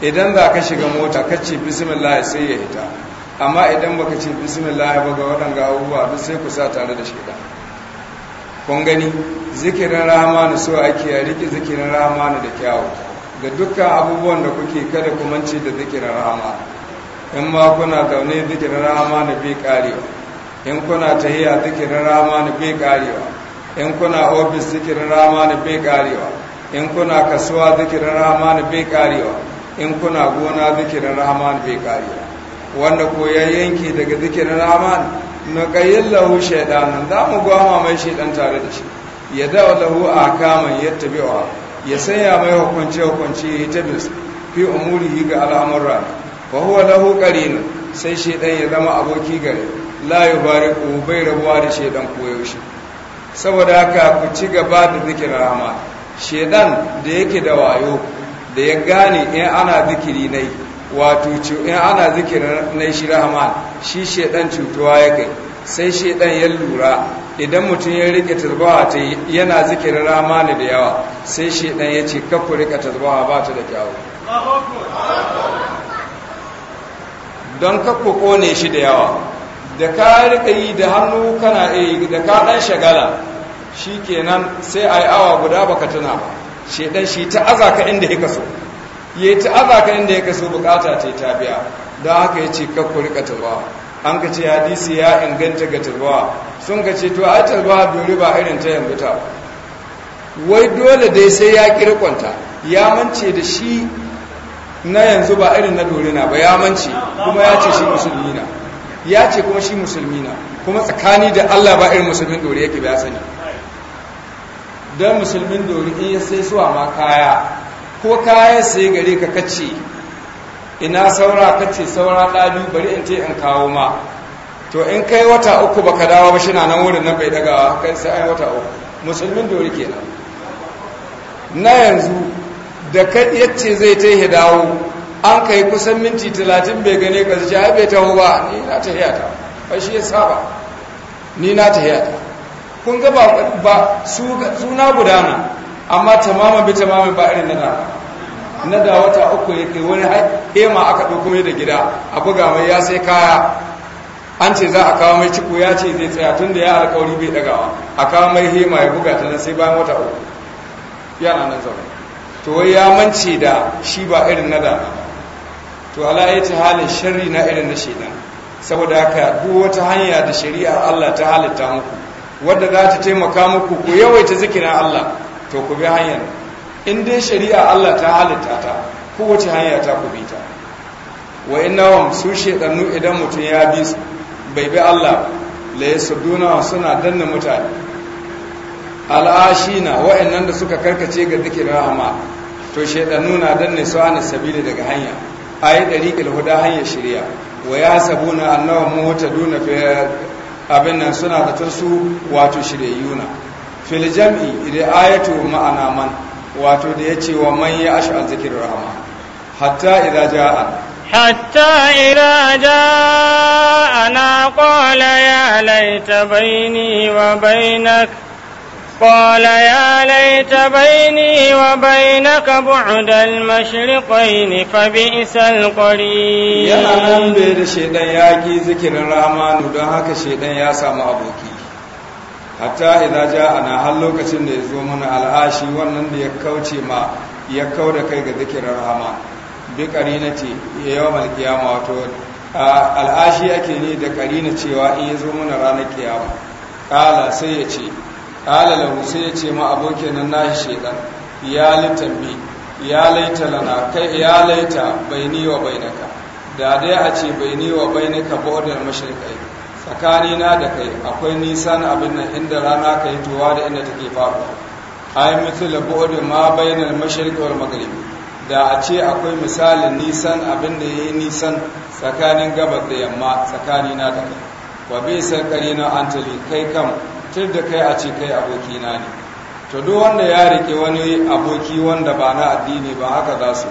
idan za ka shiga mota ka ce bismillah sai ya hita amma idan baka ce bismillah ba ga waɗanga abubuwa duk sai ku sa tare da shaidan kun gani zikirin rahmanu so ake a riƙe zikirin rahmanu da kyawu ga dukkan abubuwan da kuke kada ku mance da zikirin rahmanu in ma kuna zaune zikirin rahmanu bai karewa in kuna tahiya zikirin rahmanu bai karewa in kuna ofis zikirin rahmanu bai karewa in kuna kasuwa zikirin rahmanu bai karewa in kuna gona zikirin rahmanu bai karewa wanda ko ya yanke daga zikirin rahman na qayyin lahu shaydanan za mu gwama mai shaidan tare da shi ya dawa lahu a yattabi'a ya sanya mai hukunci hukunci ya yi tabis fi yi ga al'amuran fa huwa lahu na. sai shaidan ya zama aboki gare layu bari ko bai rabuwa da shaidan koyaushe saboda haka ku ci gaba da zikirin rahman shaidan da yake da wayo da ya gane in ana zikiri na yi. wato in ana zikirin na shi rahman shi shedan cutuwa ya kai sai shedan ya lura idan mutum ya rike tasbaha ta yana zikirin rahman da yawa sai shedan ya ce kafu rika tasbaha ba ta da kyau. don kafu kone shi da yawa da ka rika yi da hannu kana iya da ka dan shagala shikenan sai ai awa guda baka tuna ba shedan shi ta azaka inda yake so ya yi ta'aba ka inda ya kaso bukata ta ta biya don haka ya ce kakkuri rika tarwa an ka ce hadisi ya inganta ga tarwa sun ka ce to a tarwa bai ba irin ta yambuta wai dole dai sai ya kirkonta ya mance da shi na yanzu ba irin na dorina ba ya mance kuma ya ce shi musulmi na ya ce kuma shi musulmi na kuma tsakani da Allah ba irin musulmin dore yake ba sani don musulmin dori in ya sai suwa ma kaya ko kayan sai gare ka kace ina saura kace saura ɗabi bari in ce in kawo ma to in kai wata uku baka dawo ba shi na nan wurin nan bai dagawa kai sai ai wata uku musulmin dori nan na yanzu da ka yace zai ta yi dawo an kai kusan minti talatin bai gane ka zuci ai bai taho ba ni na ta hiyata ba shi ya saba ni na ta hiyata kun ga ba suna gudana amma tamamin bi tamamin ba irin nada na da wata uku ya kai wani hema aka ɗauko mai da gida a buga mai ya sai kaya an ce za a kawo mai ciko ya ce zai tsaya tun da ya alkawari bai dagawa a kawo mai hema ya buga ta nan sai bayan wata uku yana nan zaune to wai ya mance da shi ba irin na to ala ya ci halin sharri na irin na shaidan saboda haka duk wata hanya da shari'a Allah ta halitta muku wadda za ta taimaka muku ku yawaita zikirin Allah to ku bi hanyar in dai shari'a Allah ta halitta ta kowace hanya ta ku bi ta wa innahum su shedannu idan mutum ya bi su bai bi Allah la yasuduna suna danna mutane al'ashina wa'annan da suka karkace ga zikirin rahama to shedannu na danne su ana sabili daga hanya ayi dariqil huda hanya shari'a wa yasabuna annahu mutaduna fi abin nan suna da su wato shiryayyu filjami ri'ayatu ma'ana man wato da ya ce wa man ya a zikin rahama hatta idza jaa hatta idza jaa na qala ya laita baini wa bainak qala ya laita baini wa bainaka bu'da al mashriqain fa bi'sa al qarin yana nan da shaidan ya ki zikirin rahmanu don haka shaidan ya samu aboki hatta ja ana har lokacin da ya zo mana al'ashi wannan da ya kauce ma ya kauda kai ga zikirar rahama bi qarinati yawmal malkiyama wato al'ashi yake ne da qarina cewa in ya zo mana ranar kiyama kala sai ya ce kala lahu sai ya ce ma abokin nan nashi shedan ya litambi ya laita lana kai ya laita baini wa bainaka da dai a ce baini wa bainaka bordar mashirkai tsakanina da kai akwai nisan abin nan inda rana ka yi tuwa da inda take faɗo ai mithla bu'd ma bayyana mashriq wal maghrib da a ce akwai misalin nisan abin da yayi nisan tsakanin gabas da yamma tsakanina da kai wa bi sarkarina antali kai kam tur kai a ce kai abokina ne to duk wanda ya rike wani aboki wanda ba na addini ba haka za su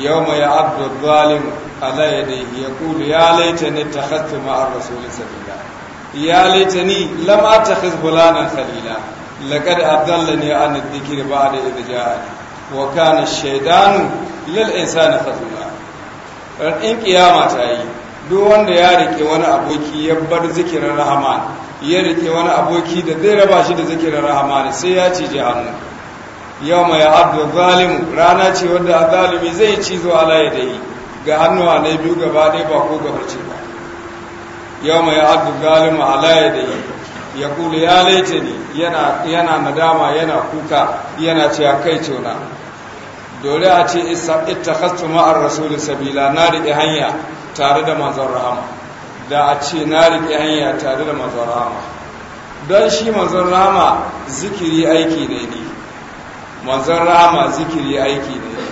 yawma ya'abdu adh-dhalim ala yadayhi yaqulu ya laitani takhadtu ma'a ar-rasuli sabila ya laitani lam attakhidh fulanan khalila laqad adallani an adh-dhikri ba'da idh ja'ani wa kana ash-shaytanu lil insani khazula in kiyama ta yi duk wanda ya riƙe wani aboki ya bar zikirin rahman ya riƙe wani aboki da zai raba shi da zikirar zikirin rahman sai ya ci hannu. yau mai abu zalimu rana ce wadda zalimi zai cizo ala ya dai ga hannuwa na biyu gaba ɗaya ba ko gaba ce ba yau mai abu zalimu ala ya dai ya kula ya laita ne yana nadama yana kuka yana ce a kai tona dole a ce ita hastu ma'ar da sabila na riƙe hanya tare da manzon rahama da a ce na riƙe hanya tare da manzon rahama don shi manzon rahama zikiri aiki ne ne manzan rahama zikiri aiki ne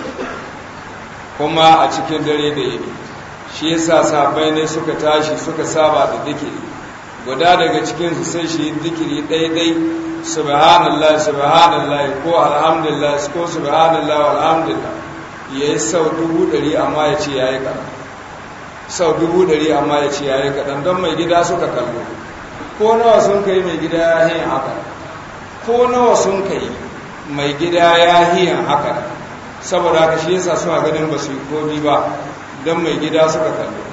kuma a cikin dare da yini shi yasa sabai ne suka tashi suka saba da zikiri guda daga cikin su sai shi zikiri daidai subhanallah subhanallah ko alhamdulillah ko subhanallah alhamdulillah ya yi sau dubu dari amma ya ce ya yi kaɗan sau dubu dari amma ya ce ya yi kaɗan don mai gida suka kallo ko nawa sun kai mai gida ya yi haka ko nawa sun kai mai gida ya hiyan haka saboda haka shi yasa suna ganin ba su yi ba don mai gida suka kallo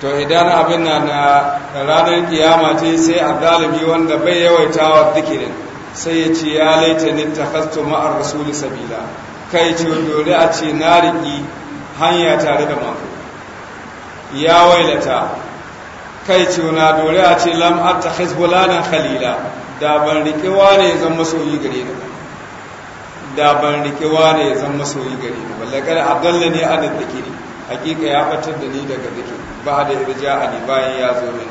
to idan abin na na ah, ranar kiyama ce sai a dalibi wanda bai yawaita wa zikirin sai ya ce ya laita ta kasto ma'ar rasulu sabila kai ce dole a ce na riƙi hanya tare da mako ya wailata kai ce na dole a ce lam ta hezbollah khalila da ban rikewa ne ya zama masoyi gare ni da ban rikewa ne ya zama masoyi gare ni balle kada abdalla ne da kiri hakika ya batar da ni daga dake ba da irja ani bayan ya zo min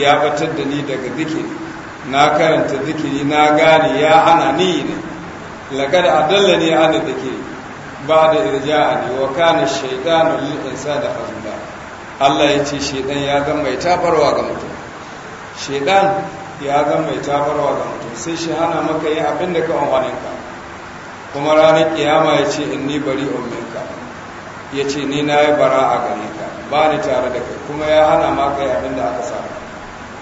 ya batar da ni daga dake na karanta zikiri na gane ya hana ni ne ne adallani da zikiri ba da irja ani wa kana shaytanu lil insani hazula Allah ya ce shaytan ya zama mai tafarwa ga mutum shaytan ya zan mai tabarwa ga mutum sai shi hana maka yi abin da ka amfaninka kuma ranar kiyama ya ce in ni bari umminka ya ce ni na yi bara a gare ka ba ni tare da kai kuma ya hana maka yi abin da aka samu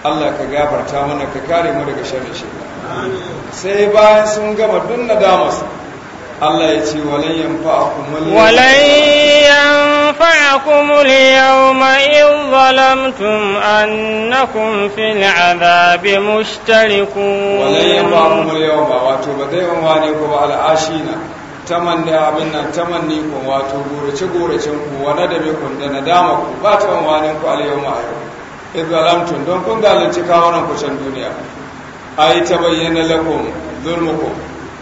Allah ka gafarta mana ka kare mu daga sharrin shi sai bayan sun gama duk damas Allah ya ce walayyan fa'akum walayyan ينفعكم اليوم إذ ظلمتم أنكم في العذاب مشتركون ولن ينفعكم اليوم واتوب دائما وانيكم على taman da abin nan tamanni ku wato gurace guracen ku wa nadabe kun da nadama ku ba ta wani ku alyawma ayyuka idzalamtum don kun zalunci kawunan ku can duniya ai ta bayyana lakum zulmukum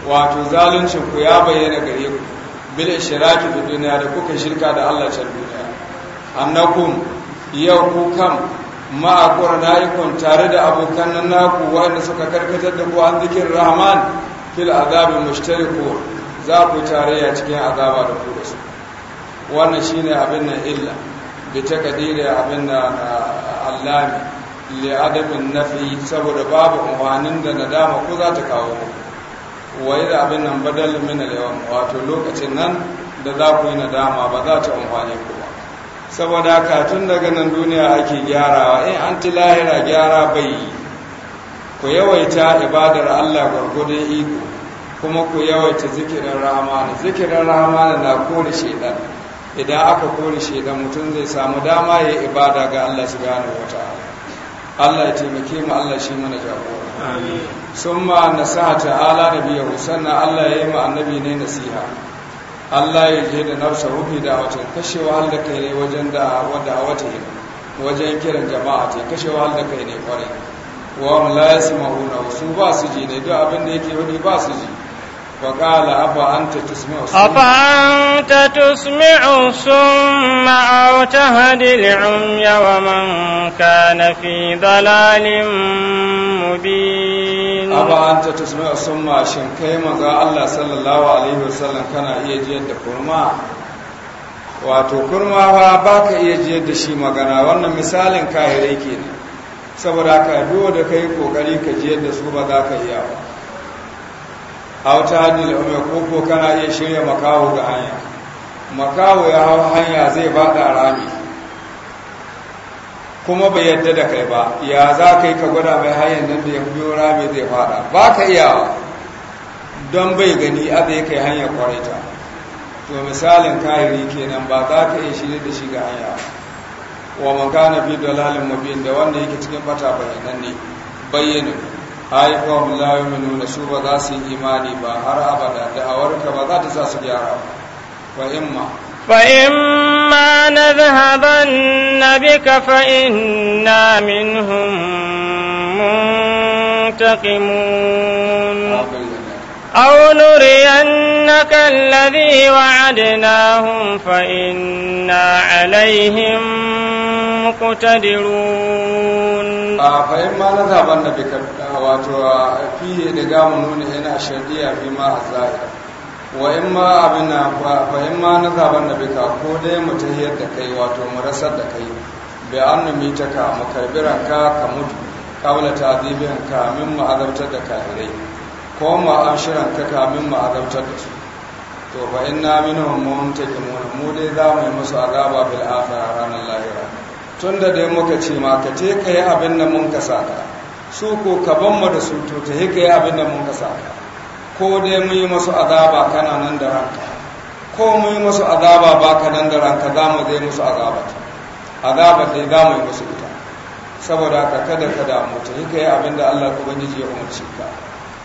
wato zaluncin ya bayyana gare ku bil shiraki fi duniya da kuka shirka da Allah can duniya annakum yau ku kam ma ikon tare da abokan nan naku wanda suka karkatar da ku an zikin rahman fil azabi mushtariku za ku ya cikin azaba da ku da su wannan shine abin nan illa bi takdiri abin nan allami li adabin nafi saboda babu umarnin da nadama ku za ta kawo muku wai da abin nan badal min al-yawm wato lokacin nan da za ku yi nadama ba za ta amfane ku ba saboda ka tun daga nan duniya ake gyarawa in eh, an ti lahira gyara bai yi ku yawaita ibadar Allah gwargwadon iko kuma ku yawaita zikirin rahmani zikirin rahmani na kore shaidan idan aka kore shaidan mutum zai samu dama ya ibada ga Allah subhanahu wataala Allah ya taimake mu Allah shi mana jagora sun ma nasaha ta'ala nabiyahu sannan Allah ya yi ma annabi ne nasiha Allah ya je da nafsa rufi da watan kashe wahal da kai ne wajen da wata yi wajen kiran jama'a ce kashe wahal da kai ne kwarai wa hum la yasma'una su ba su ji ne duk abin da yake wani ba su ji فقال أفا أنت تسمع أفا أنت تسمع الصم أو تهدي العمي ومن كان في ضلال مبين أفا أنت تسمع الصم عشان كيما قال الله صلى الله عليه وسلم كان يجي يد كرما wato kurma fa ba ka iya jiyar da shi magana wannan misalin kahirai kenan saboda ka dole da ka kokari ka jiyar da su ba za ka iya ba a wata hannun umar koko kana iya shirya makawo ga hanya makawo ya hau hanya zai bada rami kuma bai yadda da kai ba ya za ka yi ka gwada mai hanyar nan da ya biyo rami zai fada ba ka iya don bai gani a zai kai hanyar kwaraita to misalin kayari kenan ba za ka iya shirya da shi ga hanya wa makana kana bi dalalin mabiyin da wanda yake cikin bata bayanan ne bayyana haifahun layomi nuna su ba za su yi imani ba har abada da awarka ba za ta sa su gyara ba imma فإما نذهبن بك فإنا منهم منتقمون أو نرينك الذي وعدناهم فإنا عليهم مقتدرون فإما نذهبن بك فيه دقام من هنا الشرقية فيما الظاهر وإما أبنا فإما نذهبن بك كودي متهيئ دكي واتو مرسل دكي بأن ميتك مكبرا كا كمجد قبل تعذيبهم كامم عذبت دكاهرين ko ma an shirin ka kamin mu azabtar da su to fa inna minhum muntaqimun mu dai za mu yi musu azaba bil akhirah ranar lahira tunda dai muka ce ma ka te kai abin da mun ka saka su ko ka ban mu da su to ta he kai abin da mun ka saka ko dai mu yi musu azaba kana nan da ranka ko mu yi musu azaba ba ka nan da ranka za mu zai musu azaba azaba dai za mu yi musu ita saboda ka kada ka damu ta he kai abin da Allah ubangiji ya umarci ka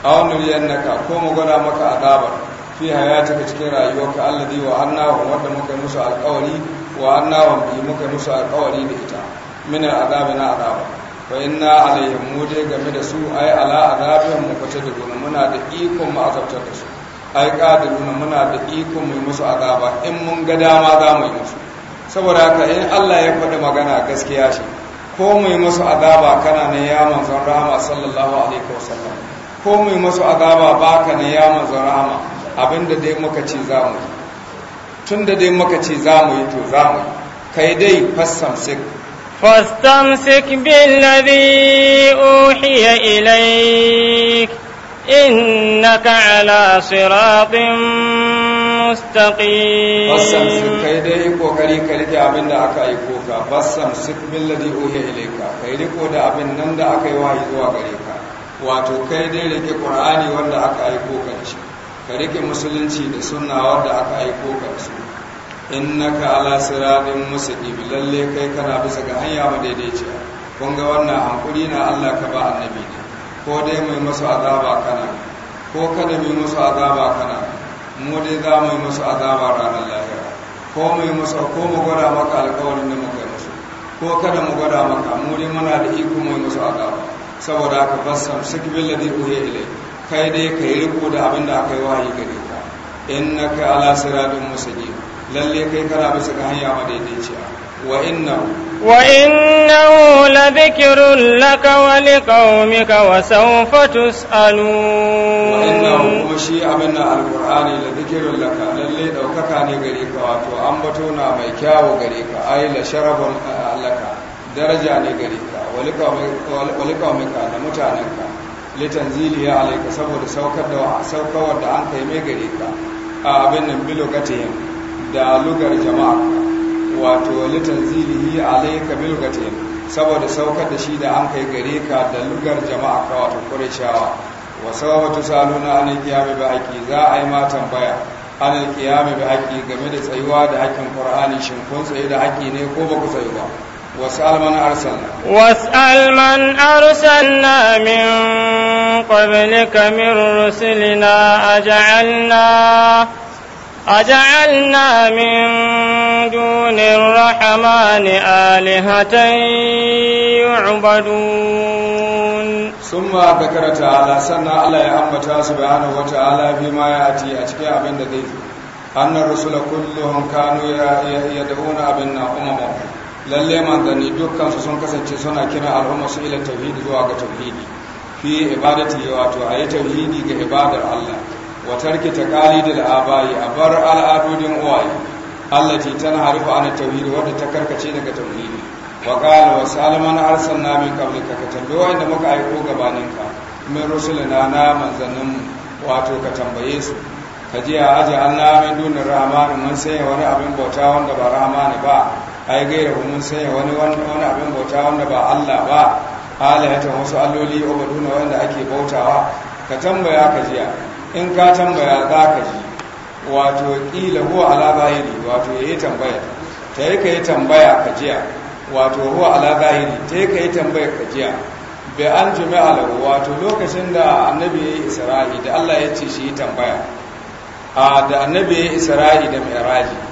a yannaka ko mu gwada maka adabar, fi hayatika cikin rayuwarka alladhi wa wa wadda muka musu alƙawari wa annahu bi muka musu alƙawari da ita min adabi na adabar. wa inna alaihim mu dai game da su ai ala adabin mu kwace da gona muna da ikon mu azabtar da su ai qadiruna muna da ikon mu musu adaba in mun ga dama za mu yi musu saboda haka in Allah ya faɗi magana gaskiya shi ko mu yi musu adaba kana ne ya manzon rahama sallallahu alaihi wasallam Ko mai masu azaba baka na ya manzo rahama abinda dai muka ce Tun da dai muka ce mu yi to za zamu kai dai fassam sik fastam sik bil ladhi uhiya ilaik innaka ala siratin mustaqim fastam sik kai dai kokari ka rike abinda aka yi koka fastam sik bil ladhi ilaika kai riko da abin nan da aka yi wahayi zuwa gare ka wato kai dai rike ƙwarani wanda aka aiko ka da shi ka rike musulunci da sunna wanda aka aiko ka da su innaka ala musu mustaqim lalle kai kana bisa ga hanya madaidaiciya kun ga wannan hankuri na Allah ka ba annabi ne ko dai mai masu azaba kana ko kada mai masu azaba kana mu dai za mu yi masu azaba ranar lahira ko mai masu ko mu gwada maka alkawarin da muka yi musu ko kada mu gwada maka mu dai muna da iko mai masu azaba saboda haka fassam sikbil ladhi uhiya ilay kai dai kai riko da abin da aka yi wahayi gare ka innaka ala siratin musaji lalle kai kana bisa ga hanya madaidaiciya wa inna. wa la ladhikrun laka wa liqaumika wa sawfa tusalu wa inna kuma shi abin da alqur'ani ladhikrun laka lalle daukaka ne gare ka wato ambato na mai kyawu gare ka ai la sharabun eh, laka daraja ne gare ka walikawamika da mutanenka litanzili ya alaika saboda saukawar da an kai mai gare ka a abin nan lokacin da lugar jama'a wato litanzili ya alaika lokacin saboda saukar da shi da an kai gare ka da lugar jama'a ka wato kurishawa wa sababatu saluna an qiyami bi haqqi za a yi ma tambaya an qiyami bi haqqi game da tsayuwa da haƙƙin qur'ani shin kun tsaye da haƙƙi ne ko ba ku tsayu ba واسأل من أرسلنا واسأل من أرسلنا من قبلك من رسلنا أجعلنا أجعلنا من دون الرحمن آلهة يعبدون ثم ذكر تعالى سنة الله يأمتا سبحانه وتعالى فيما يأتي أتكي أبن ذي أن الرسل كلهم كانوا يدعون أبن أممهم lalle manzanni dukkan sun kasance suna kira al'umma su ila tauhidi zuwa ga tauhidi fi ibadati wato a yi tauhidi ga ibadar Allah wa tarki taqalidil a bar al'adudin uwaye Allah ce allati tanharifu ana tauhidi wadda ta karkace daga tauhidi wa kala wa salman arsalna min qablika ka da muka aiko gabaninka min rusulina na manzannin wato ka tambaye su ka ji a aji Allah na min dunin rahamani mun sanya wani abin bauta wanda ba rahamani ba ai gaira mun sanya wani wani abin bauta wanda ba Allah ba alayatan wasu alloli ubaduna wanda ake bautawa ka tambaya ka jiya in ka tambaya za ka ji wato kila huwa ala zahiri wato yayi tambaya ta yi ka yi tambaya ka jiya wato huwa ala zahiri ta yi ka yi tambaya ka jiya bi an juma'a lahu wato lokacin da annabi ya yi isra'i da Allah ya ce shi yi tambaya a da annabi ya yi isra'i da mi'raji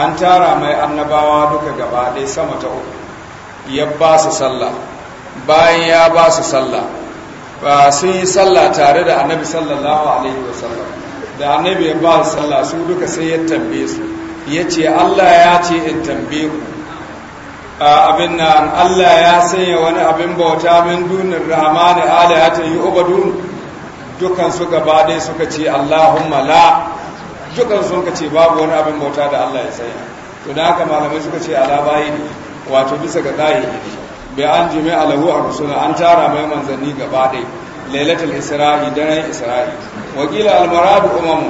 an tara mai annabawa duka gaba ɗaya sama ta uku ya ba su sallah bayan ya ba su sallah ba sun yi sallah tare da annabi sallallahu alaihi wasallam da annabi ya ba su sallah su duka sai ya tambaye su ya ce allah ya ce in tambaye ku abin nan allah ya sanya wani abin bauta min dunin rahmani ta yi ubadun dukansu gaba ɗaya suka ce allahumma la dukkan sun ka ce babu wani abin bauta da Allah ya sai to da haka malamai suka ce ala bayi ne wato bisa ga kayi bai an jime alahu a rusuna an tara mai manzanni gaba dai lailatul isra'i daren isra'i wakila almaradu umam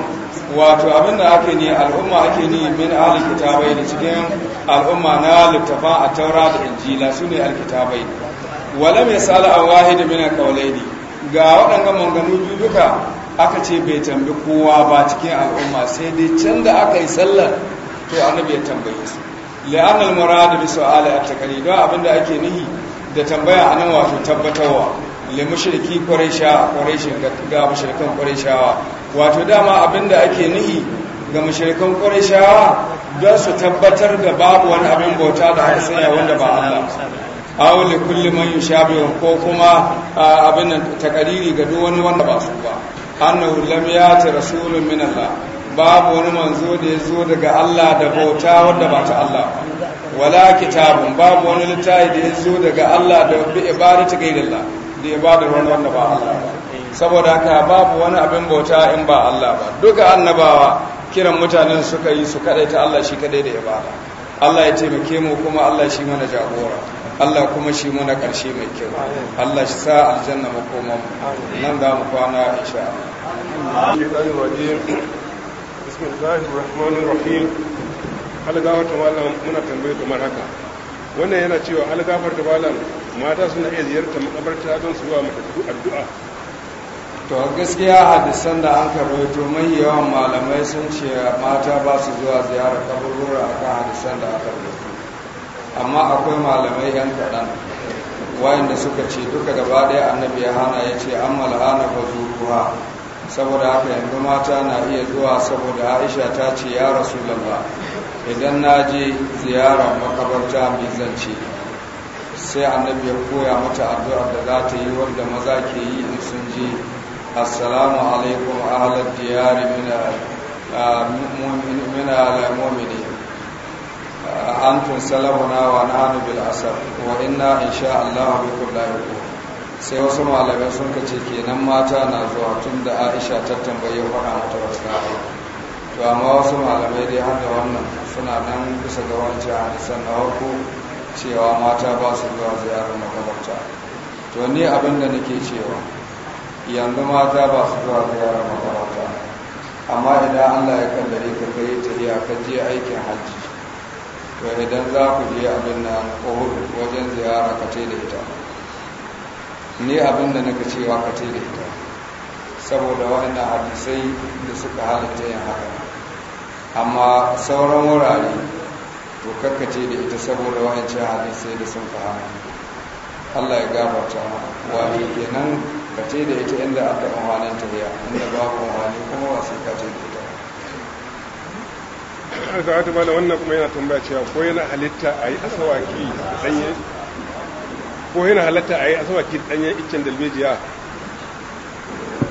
wato abin da ake ni al'umma ake ni min ahli kitabai da cikin al'umma na littafa a taura da injila su ne alkitabai wala mai sala an wahid min qawlaini ga waɗannan manganu duka aka ce bai tambi kowa ba cikin al'umma sai dai can da aka yi sallar to annabi ya tambaye su la'an al-murad bi su'al at-taqlid don abinda ake nihi da tambaya anan wato tabbatarwa li mushriki quraisha quraishin ga mushrikan quraishawa wato dama abinda ake nihi ga mushrikan quraishawa don su tabbatar da babu wani abin bauta da aka sanya wanda ba Allah aw li kulli man yushabihu ko kuma abin nan takariri ga duk wani wanda ba su ba annahu lam yati rasulun min Allah babu wani manzo da ya zo daga Allah da bauta wadda ba ta Allah wala kitabun babu wani littafi da ya zo daga Allah da bi ibadatu Allah da ibadar wani wanda ba Allah saboda haka babu wani abin bauta in ba Allah ba duka annabawa kiran mutanen suka yi su kadai ta Allah shi kadai da ibada Allah ya taimake mu kuma Allah shi mana jagora Allah kuma shi muna ƙarshe mai kyau Allah shi sa aljanna makoman nan za mu kwana insha Allah muna tambaye kamar haka wannan yana cewa algafar da malam mata suna iya ziyarta makabarta don su wa matattu addu'a to gaskiya hadisan da an karwato mai yawan malamai sun ce mata ba su zuwa ziyarar a akan hadisan da aka rubuta amma akwai malamai yan kaɗan wayanda suka ce duka gaba ɗaya annabi ya hana ya ce an mal'ana ba zuruwa saboda haka yanzu mata na iya zuwa saboda aisha ta ce ya rasu lalla idan na je ziyarar makabarta mai zance sai annabi ya koya mata addu'a da za ta yi wanda maza ke yi in sun je assalamu alaikum ahalar diyari mina al-mu'mini antum na wa hannu bil asar wa inna insha Allah bikum lahiqun sai wasu malamai sun kace kenan mata na zuwa tun da Aisha ta tambaye faɗa mata wasu to amma wasu malamai dai har da wannan suna nan kusa ga wancan hadisan na farko cewa mata ba su zuwa ziyarar makabarta to ni abin da nake cewa yanzu mata ba su zuwa ziyarar makabarta amma idan Allah ya kallare ka kai ta iya kaje aikin hajji to idan za ku je abin na uhud wajen ziyara ka da ita ni abin da naka cewa ka da ita saboda waɗannan hadisai da suka halitta yin haka amma sauran wurare to kakkace da ita saboda waɗancan hadisai da sun ka hana Allah ya wa ne kenan ka da ita inda aka umarnin tafiya inda babu umarni kuma wasu ka da ita alga ta mala wannan kuma yana tambaya cewa ko yana halitta a yi asawaki danye ko yana halatta a yi asawaki danye iccen dalbejiya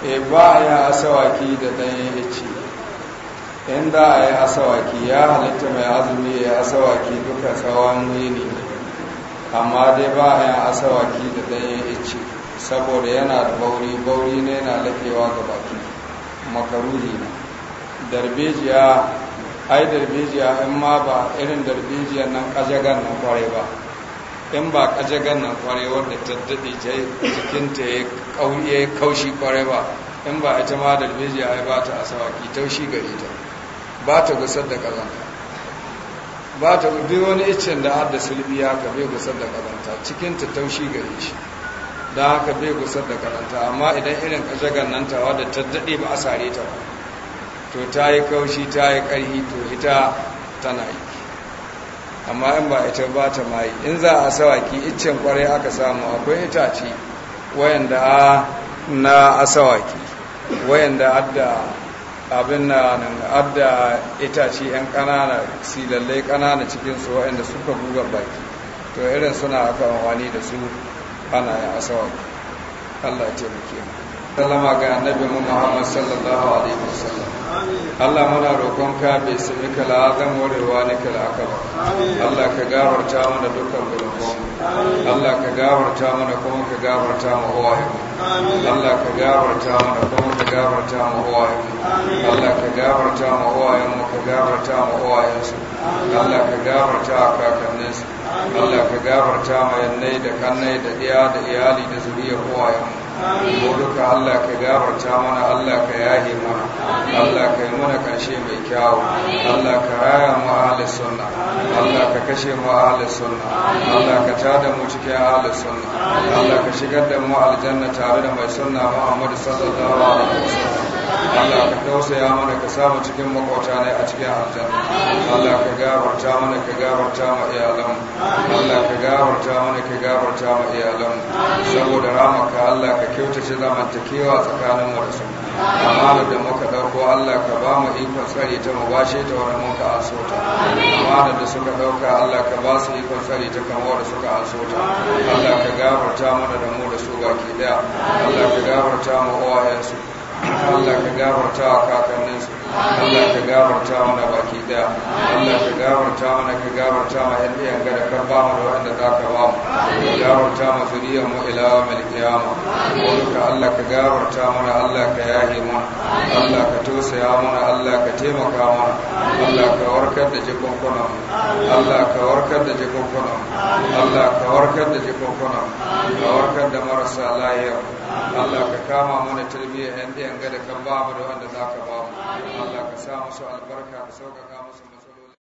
e ba ya asawaki da danye icce in da a yi asawaki ya halitta mai azumi ya asawaki duka tsawon yini amma dai ba ya asawaki da danye icce saboda yana da bauri bauri ne na lafewa ga baki makaruhi na darbejiya ai darbejiya in ma ba irin darbejiya nan kajagan nan kware ba in ba kajagan nan kware wanda ta daɗe jikinta ya yi kaushi kware ba in ba ita ma darbejiya ai ba ta asawaki taushi gari ta ba ta gusar da kazanta ba ta duk wani icen da har da sulbiya ka bai gusar da kazanta cikinta taushi gari shi da haka bai gusar da kazanta amma idan irin kajagan nan tawa da ta daɗe ba a sare ta ba to ta yi kaushi ta yi ƙarhi to ita tana yi amma in ba ita ba ta mayi in za a sawaki iccen kwarai aka samu akwai itace wayanda na asawaki wayanda adda abin na nan adda itace yan ƙanana silallai ƙanana cikinsu wayanda suka buga baki to irin suna aka wani da su ana yin asawaki allah taimake mu sallama ga annabi mu Muhammad sallallahu alaihi wasallam Allah muna ka bai sami ka zan warewa ne ka la'aka ba Allah ka gafarta mana dukkan gurbanmu Allah ka gafarta mana kuma ka gafarta mu uwayenmu Allah ka gafarta mana kuma ka gafarta mu uwayenmu Allah ka gafarta mu mu ka gafarta mu uwayensu Allah ka gafarta kakanninsu Allah ka gafarta ma yannai da kannai da iya da iyali da zuriyar mu. duka Allah ka gafarta mana Allah ka yahe mana Allah ka yi mana karshe mai kyawu Allah ka raya mu ahli sunna Allah ka kashe mu ahli sunna Allah ka tada mu cikin ahli sunna Allah ka shigar da mu aljanna tare da mai sunna Muhammad sallallahu alaihi wasallam Allah ka tausaya mana ka samu cikin makwata ne a cikin aljanna Allah ka gabarta mana ka gabarta ma iyalan Allah ka gabarta mana ka gabarta ma iyalan saboda ramaka Allah ka kyautace zamantakewa tsakanin mu da su amma da muka dauko Allah ka ba mu ikon tsare ta mu bashe ta wani muka aso ta amana da suka dauka Allah ka ba su ikon tsare ta kan da suka aso ta Allah ka gabarta mana da mu da su baki daya Allah ka gabarta mu uwayensu Allah ka gafarta wa kakanninsu Allah ka gafarta mana baki daya Allah ka gafarta mana ka gafarta ma yan gada ka ba mu da wanda za ka ba mu ka gafarta ma zuriyar mu ila mil kiyama ka Allah ka gafarta mana Allah ka yahe mu Allah ka tosaya mana Allah ka taimaka mana Allah ka warkar da kuna Allah ka warkar da kuna Allah ka warkar da kuna ka warkar da marasa lafiya Allah ka kama mana tarbiyyar yan iyan gada ka ba mu da wanda za ka ba mu Allah ka sa musu albarka ka sauƙaƙa musu